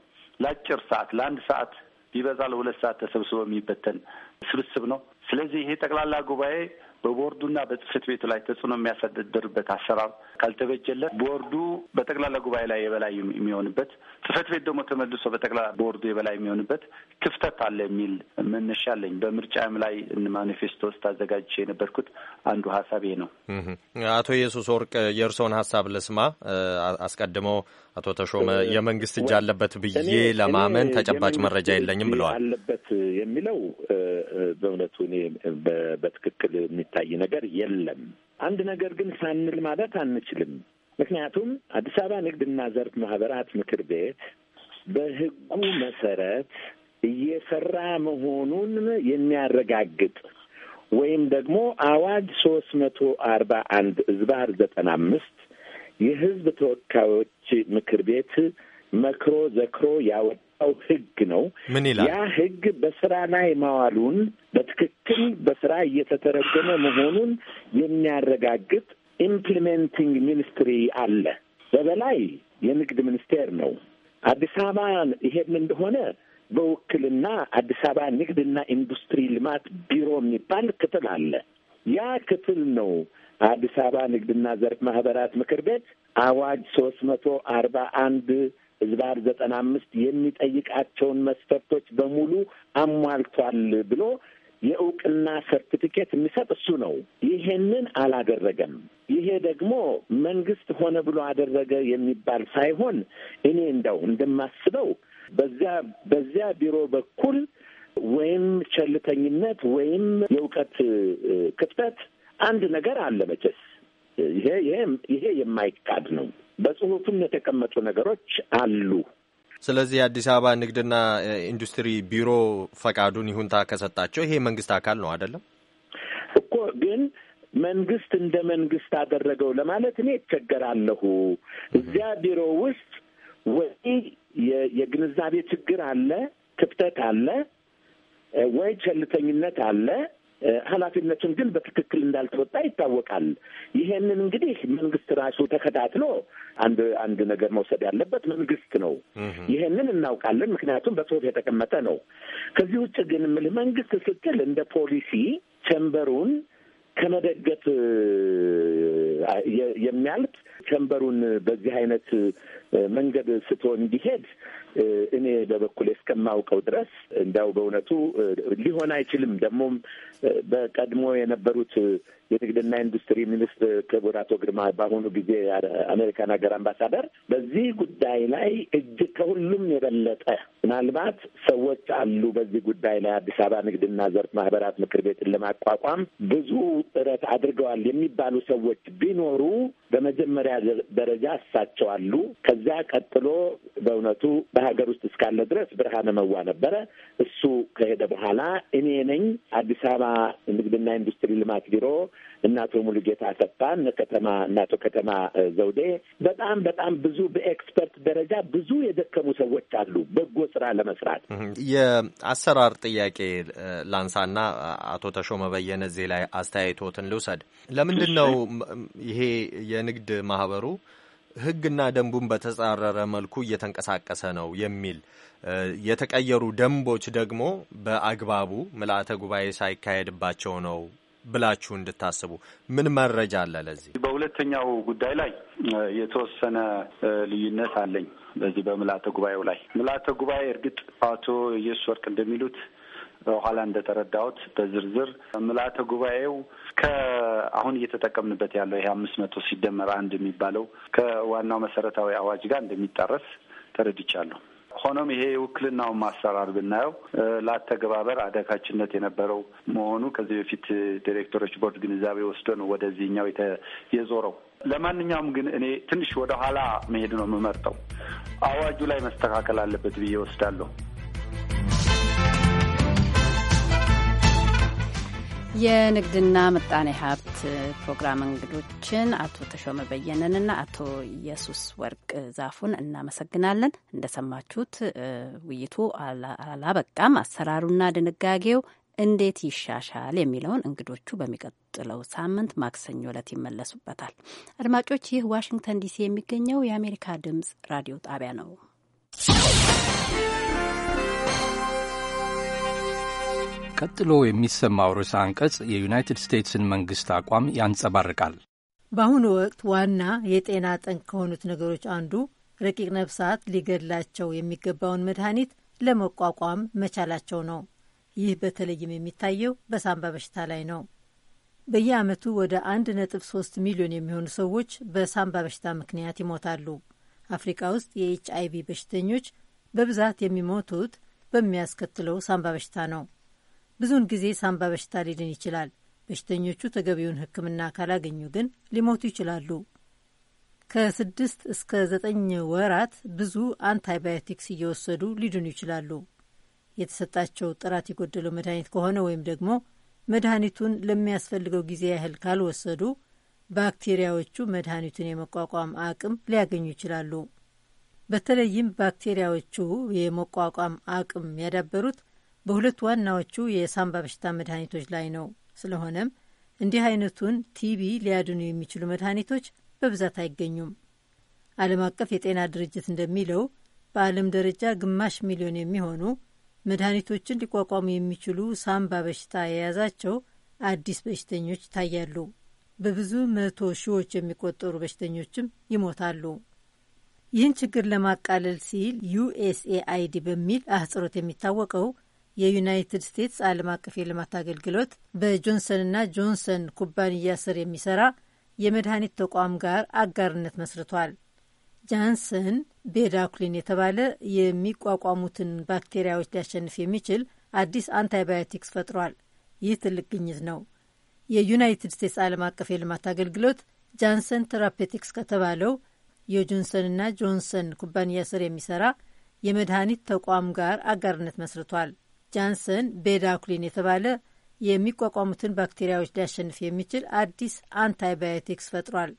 ለአጭር ሰዓት ለአንድ ሰዓት ቢበዛ ለሁለት ሰዓት ተሰብስቦ የሚበተን ስብስብ ነው። ስለዚህ ይሄ ጠቅላላ ጉባኤ በቦርዱና በጽህፈት ቤቱ ላይ ተጽዕኖ የሚያሳደድርበት አሰራር ካልተበጀለት ቦርዱ በጠቅላላ ጉባኤ ላይ የበላይ የሚሆንበት ጽህፈት ቤት ደግሞ ተመልሶ በጠቅላላ ቦርዱ የበላይ የሚሆንበት ክፍተት አለ የሚል መነሻ አለኝ። በምርጫም ላይ ማኒፌስቶ ውስጥ አዘጋጅ የነበርኩት አንዱ ሀሳቤ ነው። አቶ ኢየሱስ ወርቅ የእርስዎን ሀሳብ ልስማ። አስቀድመው አቶ ተሾመ የመንግስት እጅ አለበት ብዬ ለማመን ተጨባጭ መረጃ የለኝም ብለዋል። አለበት የሚለው በእውነቱ እኔ በትክክል የሚታይ ነገር የለም። አንድ ነገር ግን ሳንል ማለት አንችልም። ምክንያቱም አዲስ አበባ ንግድና ዘርፍ ማህበራት ምክር ቤት በህጉ መሰረት እየሰራ መሆኑን የሚያረጋግጥ ወይም ደግሞ አዋጅ ሶስት መቶ አርባ አንድ ዝባር ዘጠና አምስት የህዝብ ተወካዮች ምክር ቤት መክሮ ዘክሮ ያወጣው ሕግ ነው። ምን ይላል ያ ሕግ? በስራ ላይ ማዋሉን በትክክል በስራ እየተተረጎመ መሆኑን የሚያረጋግጥ ኢምፕሊሜንቲንግ ሚኒስትሪ አለ። በበላይ የንግድ ሚኒስቴር ነው። አዲስ አበባ ይሄም እንደሆነ በውክልና አዲስ አበባ ንግድና ኢንዱስትሪ ልማት ቢሮ የሚባል ክፍል አለ። ያ ክፍል ነው አዲስ አበባ ንግድና ዘርፍ ማህበራት ምክር ቤት አዋጅ ሶስት መቶ አርባ አንድ ህዝባር ዘጠና አምስት የሚጠይቃቸውን መስፈርቶች በሙሉ አሟልቷል ብሎ የእውቅና ሰርቲፊኬት የሚሰጥ እሱ ነው። ይሄንን አላደረገም። ይሄ ደግሞ መንግስት ሆነ ብሎ አደረገ የሚባል ሳይሆን እኔ እንደው እንደማስበው በዚያ በዚያ ቢሮ በኩል ወይም ቸልተኝነት ወይም የእውቀት ክፍተት አንድ ነገር አለ መቼስ ይሄ ይሄ ይሄ የማይካድ ነው። በጽሁፍም የተቀመጡ ነገሮች አሉ። ስለዚህ የአዲስ አበባ ንግድና ኢንዱስትሪ ቢሮ ፈቃዱን ይሁንታ ከሰጣቸው ይሄ መንግስት አካል ነው አይደለም እኮ ግን መንግስት እንደ መንግስት አደረገው ለማለት እኔ እቸገራለሁ። እዚያ ቢሮ ውስጥ ወይ የግንዛቤ ችግር አለ፣ ክፍተት አለ፣ ወይ ቸልተኝነት አለ ኃላፊነቱን ግን በትክክል እንዳልተወጣ ይታወቃል። ይሄንን እንግዲህ መንግስት ራሱ ተከታትሎ አንድ አንድ ነገር መውሰድ ያለበት መንግስት ነው። ይሄንን እናውቃለን፣ ምክንያቱም በጽሁፍ የተቀመጠ ነው። ከዚህ ውጭ ግን የምልህ መንግስት ስትል እንደ ፖሊሲ ቸምበሩን ከመደገፍ የሚያልፍ ቸንበሩን በዚህ አይነት መንገድ ስቶ እንዲሄድ እኔ በበኩል እስከማውቀው ድረስ እንዲያው በእውነቱ ሊሆን አይችልም። ደግሞም በቀድሞ የነበሩት የንግድና ኢንዱስትሪ ሚኒስትር ክቡር አቶ ግርማ በአሁኑ ጊዜ አሜሪካን ሀገር አምባሳደር በዚህ ጉዳይ ላይ እጅግ ከሁሉም የበለጠ ምናልባት ሰዎች አሉ በዚህ ጉዳይ ላይ አዲስ አበባ ንግድና ዘርፍ ማህበራት ምክር ቤትን ለማቋቋም ብዙ ጥረት አድርገዋል የሚባሉ ሰዎች ቢኖሩ በመጀመሪያ ደረጃ እሳቸው አሉ። ከዚያ ቀጥሎ በእውነቱ በሀገር ውስጥ እስካለ ድረስ ብርሃነ መዋ ነበረ። እሱ ከሄደ በኋላ እኔ ነኝ አዲስ አበባ ንግድና ኢንዱስትሪ ልማት ቢሮ እናቶ አቶ ሙሉጌታ አሰፋ እነ ከተማ እና አቶ ከተማ ዘውዴ በጣም በጣም ብዙ በኤክስፐርት ደረጃ ብዙ የደከሙ ሰዎች አሉ በጎ ስራ ለመስራት። የአሰራር ጥያቄ ላንሳና አቶ ተሾመ በየነ እዚህ ላይ አስተያየቶትን ልውሰድ። ለምንድን ነው ይሄ የንግድ ማህበሩ ህግና ደንቡን በተጻረረ መልኩ እየተንቀሳቀሰ ነው የሚል የተቀየሩ ደንቦች ደግሞ በአግባቡ ምልአተ ጉባኤ ሳይካሄድባቸው ነው ብላችሁ እንድታስቡ ምን መረጃ አለ? ለዚህ በሁለተኛው ጉዳይ ላይ የተወሰነ ልዩነት አለኝ። በዚህ በምልአተ ጉባኤው ላይ ምልአተ ጉባኤ እርግጥ አቶ ኢየሱስ ወርቅ እንደሚሉት በኋላ እንደተረዳሁት በዝርዝር ምልአተ ጉባኤው ከአሁን እየተጠቀምንበት ያለው ይሄ አምስት መቶ ሲደመር አንድ የሚባለው ከዋናው መሰረታዊ አዋጅ ጋር እንደሚጣረስ ተረድቻለሁ። ሆኖም ይሄ የውክልናውን ማሰራር ብናየው ለአተገባበር አዳጋችነት የነበረው መሆኑ ከዚህ በፊት ዲሬክተሮች ቦርድ ግንዛቤ ወስዶ ነው ወደዚህኛው የዞረው። ለማንኛውም ግን እኔ ትንሽ ወደ ኋላ መሄድ ነው የምመርጠው። አዋጁ ላይ መስተካከል አለበት ብዬ ወስዳለሁ። የንግድና ምጣኔ ሀብት ፕሮግራም እንግዶችን አቶ ተሾመ በየነንና አቶ ኢየሱስ ወርቅ ዛፉን እናመሰግናለን። እንደሰማችሁት ውይይቱ አላበቃም። አሰራሩና ድንጋጌው እንዴት ይሻሻል የሚለውን እንግዶቹ በሚቀጥለው ሳምንት ማክሰኞ ዕለት ይመለሱበታል። አድማጮች፣ ይህ ዋሽንግተን ዲሲ የሚገኘው የአሜሪካ ድምጽ ራዲዮ ጣቢያ ነው። ቀጥሎ የሚሰማው ርዕሰ አንቀጽ የዩናይትድ ስቴትስን መንግስት አቋም ያንጸባርቃል። በአሁኑ ወቅት ዋና የጤና ጠንቅ ከሆኑት ነገሮች አንዱ ረቂቅ ነፍሳት ሊገድላቸው የሚገባውን መድኃኒት ለመቋቋም መቻላቸው ነው። ይህ በተለይም የሚታየው በሳምባ በሽታ ላይ ነው። በየዓመቱ ወደ 1.3 ሚሊዮን የሚሆኑ ሰዎች በሳምባ በሽታ ምክንያት ይሞታሉ። አፍሪካ ውስጥ የኤች ቪ በሽተኞች በብዛት የሚሞቱት በሚያስከትለው ሳምባ በሽታ ነው። ብዙውን ጊዜ ሳምባ በሽታ ሊድን ይችላል። በሽተኞቹ ተገቢውን ሕክምና ካላገኙ ግን ሊሞቱ ይችላሉ። ከስድስት እስከ ዘጠኝ ወራት ብዙ አንታይባዮቲክስ እየወሰዱ ሊድኑ ይችላሉ። የተሰጣቸው ጥራት የጎደለው መድኃኒት ከሆነ ወይም ደግሞ መድኃኒቱን ለሚያስፈልገው ጊዜ ያህል ካልወሰዱ ባክቴሪያዎቹ መድኃኒቱን የመቋቋም አቅም ሊያገኙ ይችላሉ። በተለይም ባክቴሪያዎቹ የመቋቋም አቅም ያዳበሩት በሁለት ዋናዎቹ የሳምባ በሽታ መድኃኒቶች ላይ ነው። ስለሆነም እንዲህ አይነቱን ቲቢ ሊያድኑ የሚችሉ መድኃኒቶች በብዛት አይገኙም። ዓለም አቀፍ የጤና ድርጅት እንደሚለው በዓለም ደረጃ ግማሽ ሚሊዮን የሚሆኑ መድኃኒቶችን ሊቋቋሙ የሚችሉ ሳምባ በሽታ የያዛቸው አዲስ በሽተኞች ይታያሉ። በብዙ መቶ ሺዎች የሚቆጠሩ በሽተኞችም ይሞታሉ። ይህን ችግር ለማቃለል ሲል ዩኤስኤአይዲ በሚል አህጽሮት የሚታወቀው የዩናይትድ ስቴትስ ዓለም አቀፍ የልማት አገልግሎት በጆንሰንና ጆንሰን ኩባንያ ስር የሚሰራ የመድኃኒት ተቋም ጋር አጋርነት መስርቷል። ጃንሰን ቤዳኩሊን የተባለ የሚቋቋሙትን ባክቴሪያዎች ሊያሸንፍ የሚችል አዲስ አንታይባዮቲክስ ፈጥሯል። ይህ ትልቅ ግኝት ነው። የዩናይትድ ስቴትስ ዓለም አቀፍ የልማት አገልግሎት ጃንሰን ቴራፔቲክስ ከተባለው የጆንሰንና ጆንሰን ኩባንያ ስር የሚሰራ የመድኃኒት ተቋም ጋር አጋርነት መስርቷል። ጃንሰን ቤዳኩሊን የተባለ የሚቋቋሙትን ባክቴሪያዎች ሊያሸንፍ የሚችል አዲስ አንታይባዮቲክስ ፈጥሯል።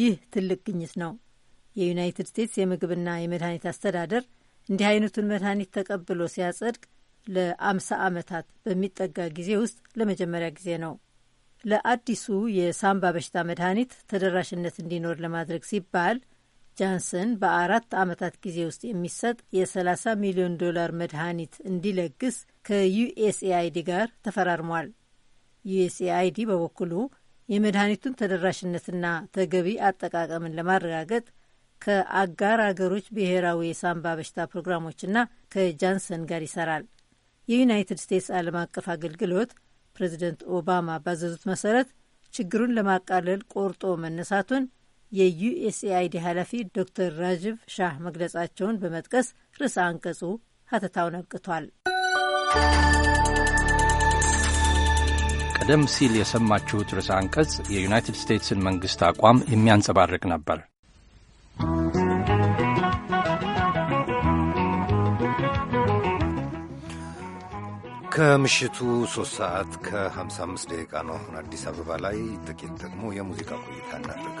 ይህ ትልቅ ግኝት ነው። የዩናይትድ ስቴትስ የምግብና የመድኃኒት አስተዳደር እንዲህ አይነቱን መድኃኒት ተቀብሎ ሲያጸድቅ ለአምሳ ዓመታት በሚጠጋ ጊዜ ውስጥ ለመጀመሪያ ጊዜ ነው። ለአዲሱ የሳምባ በሽታ መድኃኒት ተደራሽነት እንዲኖር ለማድረግ ሲባል ጃንሰን በአራት ዓመታት ጊዜ ውስጥ የሚሰጥ የ30 ሚሊዮን ዶላር መድኃኒት እንዲለግስ ከዩኤስኤአይዲ ጋር ተፈራርሟል። ዩኤስኤአይዲ በበኩሉ የመድኃኒቱን ተደራሽነትና ተገቢ አጠቃቀምን ለማረጋገጥ ከአጋር አገሮች ብሔራዊ የሳምባ በሽታ ፕሮግራሞችና ከጃንሰን ጋር ይሰራል። የዩናይትድ ስቴትስ ዓለም አቀፍ አገልግሎት ፕሬዚደንት ኦባማ ባዘዙት መሰረት ችግሩን ለማቃለል ቆርጦ መነሳቱን የዩኤስኤአይዲ ኃላፊ ዶክተር ራጅቭ ሻህ መግለጻቸውን በመጥቀስ ርዕሰ አንቀጹ ሀተታውን አብቅቷል። ቀደም ሲል የሰማችሁት ርዕሰ አንቀጽ የዩናይትድ ስቴትስን መንግስት አቋም የሚያንጸባርቅ ነበር። ከምሽቱ 3 ሰዓት ከ55 ደቂቃ ነው አሁን አዲስ አበባ ላይ። ጥቂት ደግሞ የሙዚቃ ቆይታ እናደርግ።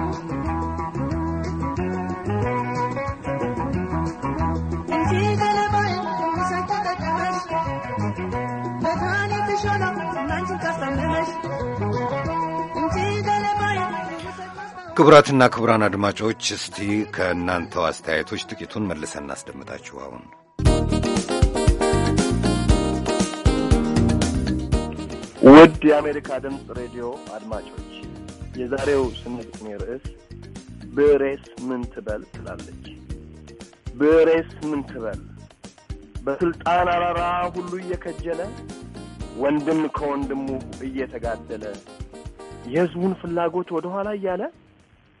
ክቡራትና ክቡራን አድማጮች እስቲ ከእናንተው አስተያየቶች ጥቂቱን መልሰን እናስደምጣችሁ። አሁን ውድ የአሜሪካ ድምፅ ሬዲዮ አድማጮች የዛሬው ስንኝ ርዕስ ብዕሬስ ምን ትበል ትላለች። ብዕሬስ ምን ትበል በስልጣን አራራ ሁሉ እየከጀለ ወንድም ከወንድሙ እየተጋደለ የህዝቡን ፍላጎት ወደኋላ እያለ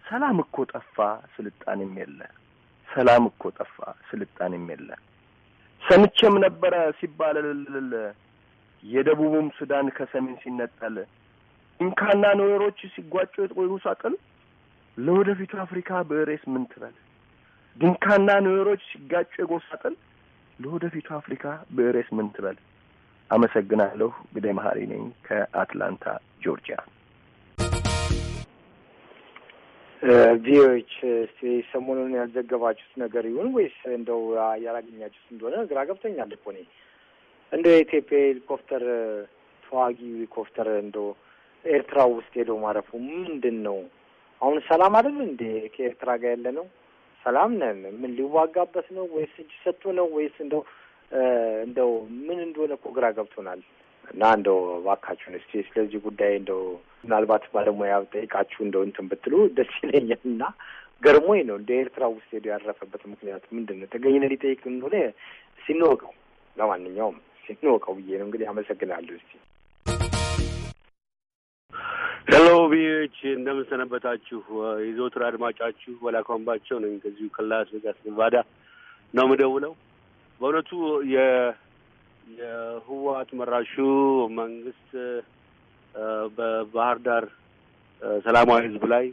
ሰላም እኮ ጠፋ፣ ስልጣኔም የለ። ሰላም እኮ ጠፋ፣ ስልጣኔም የለ። ሰምቼም ነበረ ሲባል የደቡቡም ሱዳን ከሰሜን ሲነጠል እንካና ኑዌሮች ሲጓጩ የጥቁሩ ሳጥን ለወደፊቱ አፍሪካ ብዕሬስ ምን ትበል? ድንካና ኑዌሮች ሲጋጩ የጎሳ ለወደፊቱ አፍሪካ ብዕሬስ ምን ትበል? አመሰግናለሁ። ግዴ መሀሪ ነኝ ከአትላንታ ጆርጂያ። ቪዎች ሰሞኑን ያልዘገባችሁት ነገር ይሁን ወይስ እንደው ያላገኛችሁት እንደሆነ ግራ ገብተኛል እኮ እኔ እንደ ኢትዮጵያ ሄሊኮፕተር ተዋጊ ሄሊኮፕተር እንደ ኤርትራ ውስጥ ሄደው ማረፉ ምንድን ነው? አሁን ሰላም አይደል እንዴ? ከኤርትራ ጋር ያለ ነው ሰላም ነን። ምን ሊዋጋበት ነው ወይስ እጅ ሰጥቶ ነው ወይስ እንደው እንደው ምን እንደሆነ እኮ ግራ ገብቶናል እና እንደው እባካችሁን እስቲ ስለዚህ ጉዳይ እንደው ምናልባት ባለሙያ ጠይቃችሁ እንደው እንትን ብትሉ ደስ ይለኛል እና ገርሞኝ ነው እንደ ኤርትራ ውስጥ ሄዶ ያረፈበት ምክንያት ምንድን ነው? ተገኝነ ሊጠይቅ እንደሆነ ሲንወቀው ለማንኛውም ሲንወቀው ብዬ ነው እንግዲህ አመሰግናለሁ። እስቲ ሄሎ ቪዎች እንደምን ሰነበታችሁ? የዘወትር አድማጫችሁ ወላኳምባቸው ነኝ። ከዚሁ ከላስ ቬጋስ ነቫዳ ነው የምደውለው። በእውነቱ የህወሀት መራሹ መንግስት በባህር ዳር ሰላማዊ ህዝብ ላይ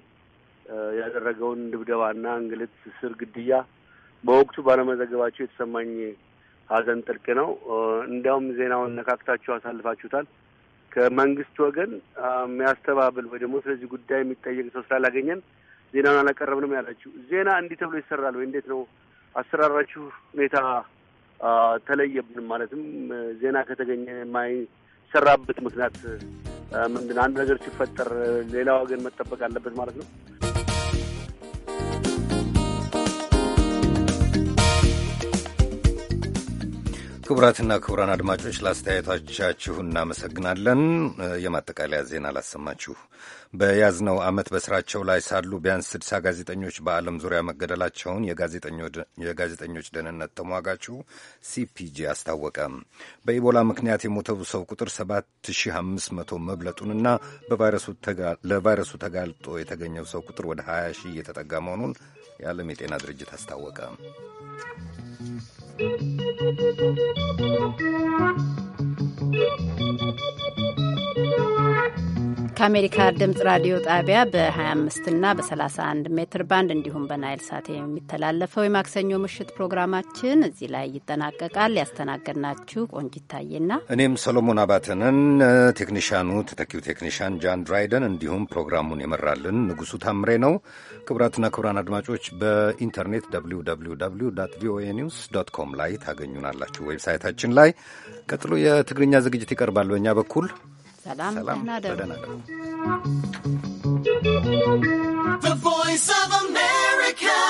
ያደረገውን ድብደባና እንግልት፣ ስር ግድያ በወቅቱ ባለመዘገባቸው የተሰማኝ ሀዘን ጥልቅ ነው። እንዲያውም ዜናውን ነካክታችሁ አሳልፋችሁታል። ከመንግስት ወገን የሚያስተባብል ወይ ደግሞ ስለዚህ ጉዳይ የሚጠየቅ ሰው ስላላገኘን ዜናውን አላቀረብንም ያላችሁ ዜና እንዲህ ተብሎ ይሰራል ወይ? እንዴት ነው አሰራራችሁ ሁኔታ ተለየብን። ማለትም ዜና ከተገኘ የማይሰራበት ምክንያት ምንድን አንድ ነገር ሲፈጠር ሌላ ወገን መጠበቅ አለበት ማለት ነው። ክቡራትና ክቡራን አድማጮች ለአስተያየቶቻችሁ እናመሰግናለን። የማጠቃለያ ዜና ላሰማችሁ በያዝነው ዓመት በስራቸው ላይ ሳሉ ቢያንስ ስድሳ ጋዜጠኞች በዓለም ዙሪያ መገደላቸውን የጋዜጠኞች ደህንነት ተሟጋቹ ሲፒጂ አስታወቀ። በኢቦላ ምክንያት የሞተው ሰው ቁጥር 7500 መብለጡንና ለቫይረሱ ተጋልጦ የተገኘው ሰው ቁጥር ወደ 20 ሺህ እየተጠጋ መሆኑን የዓለም የጤና ድርጅት አስታወቀ። Thank you. ከአሜሪካ ድምፅ ራዲዮ ጣቢያ በ25 እና በ31 ሜትር ባንድ እንዲሁም በናይል ሳት የሚተላለፈው የማክሰኞ ምሽት ፕሮግራማችን እዚህ ላይ ይጠናቀቃል። ያስተናገድናችሁ ቆንጅ ይታየና እኔም ሰሎሞን አባተንን፣ ቴክኒሻኑ ተተኪው ቴክኒሻን ጃን ድራይደን እንዲሁም ፕሮግራሙን የመራልን ንጉሱ ታምሬ ነው። ክቡራትና ክቡራን አድማጮች በኢንተርኔት ቪኦኤ ኒውስ ዶት ኮም ላይ ታገኙናላችሁ። ዌብሳይታችን ላይ ቀጥሎ የትግርኛ ዝግጅት ይቀርባል። በእኛ በኩል ሰላም The voice of America.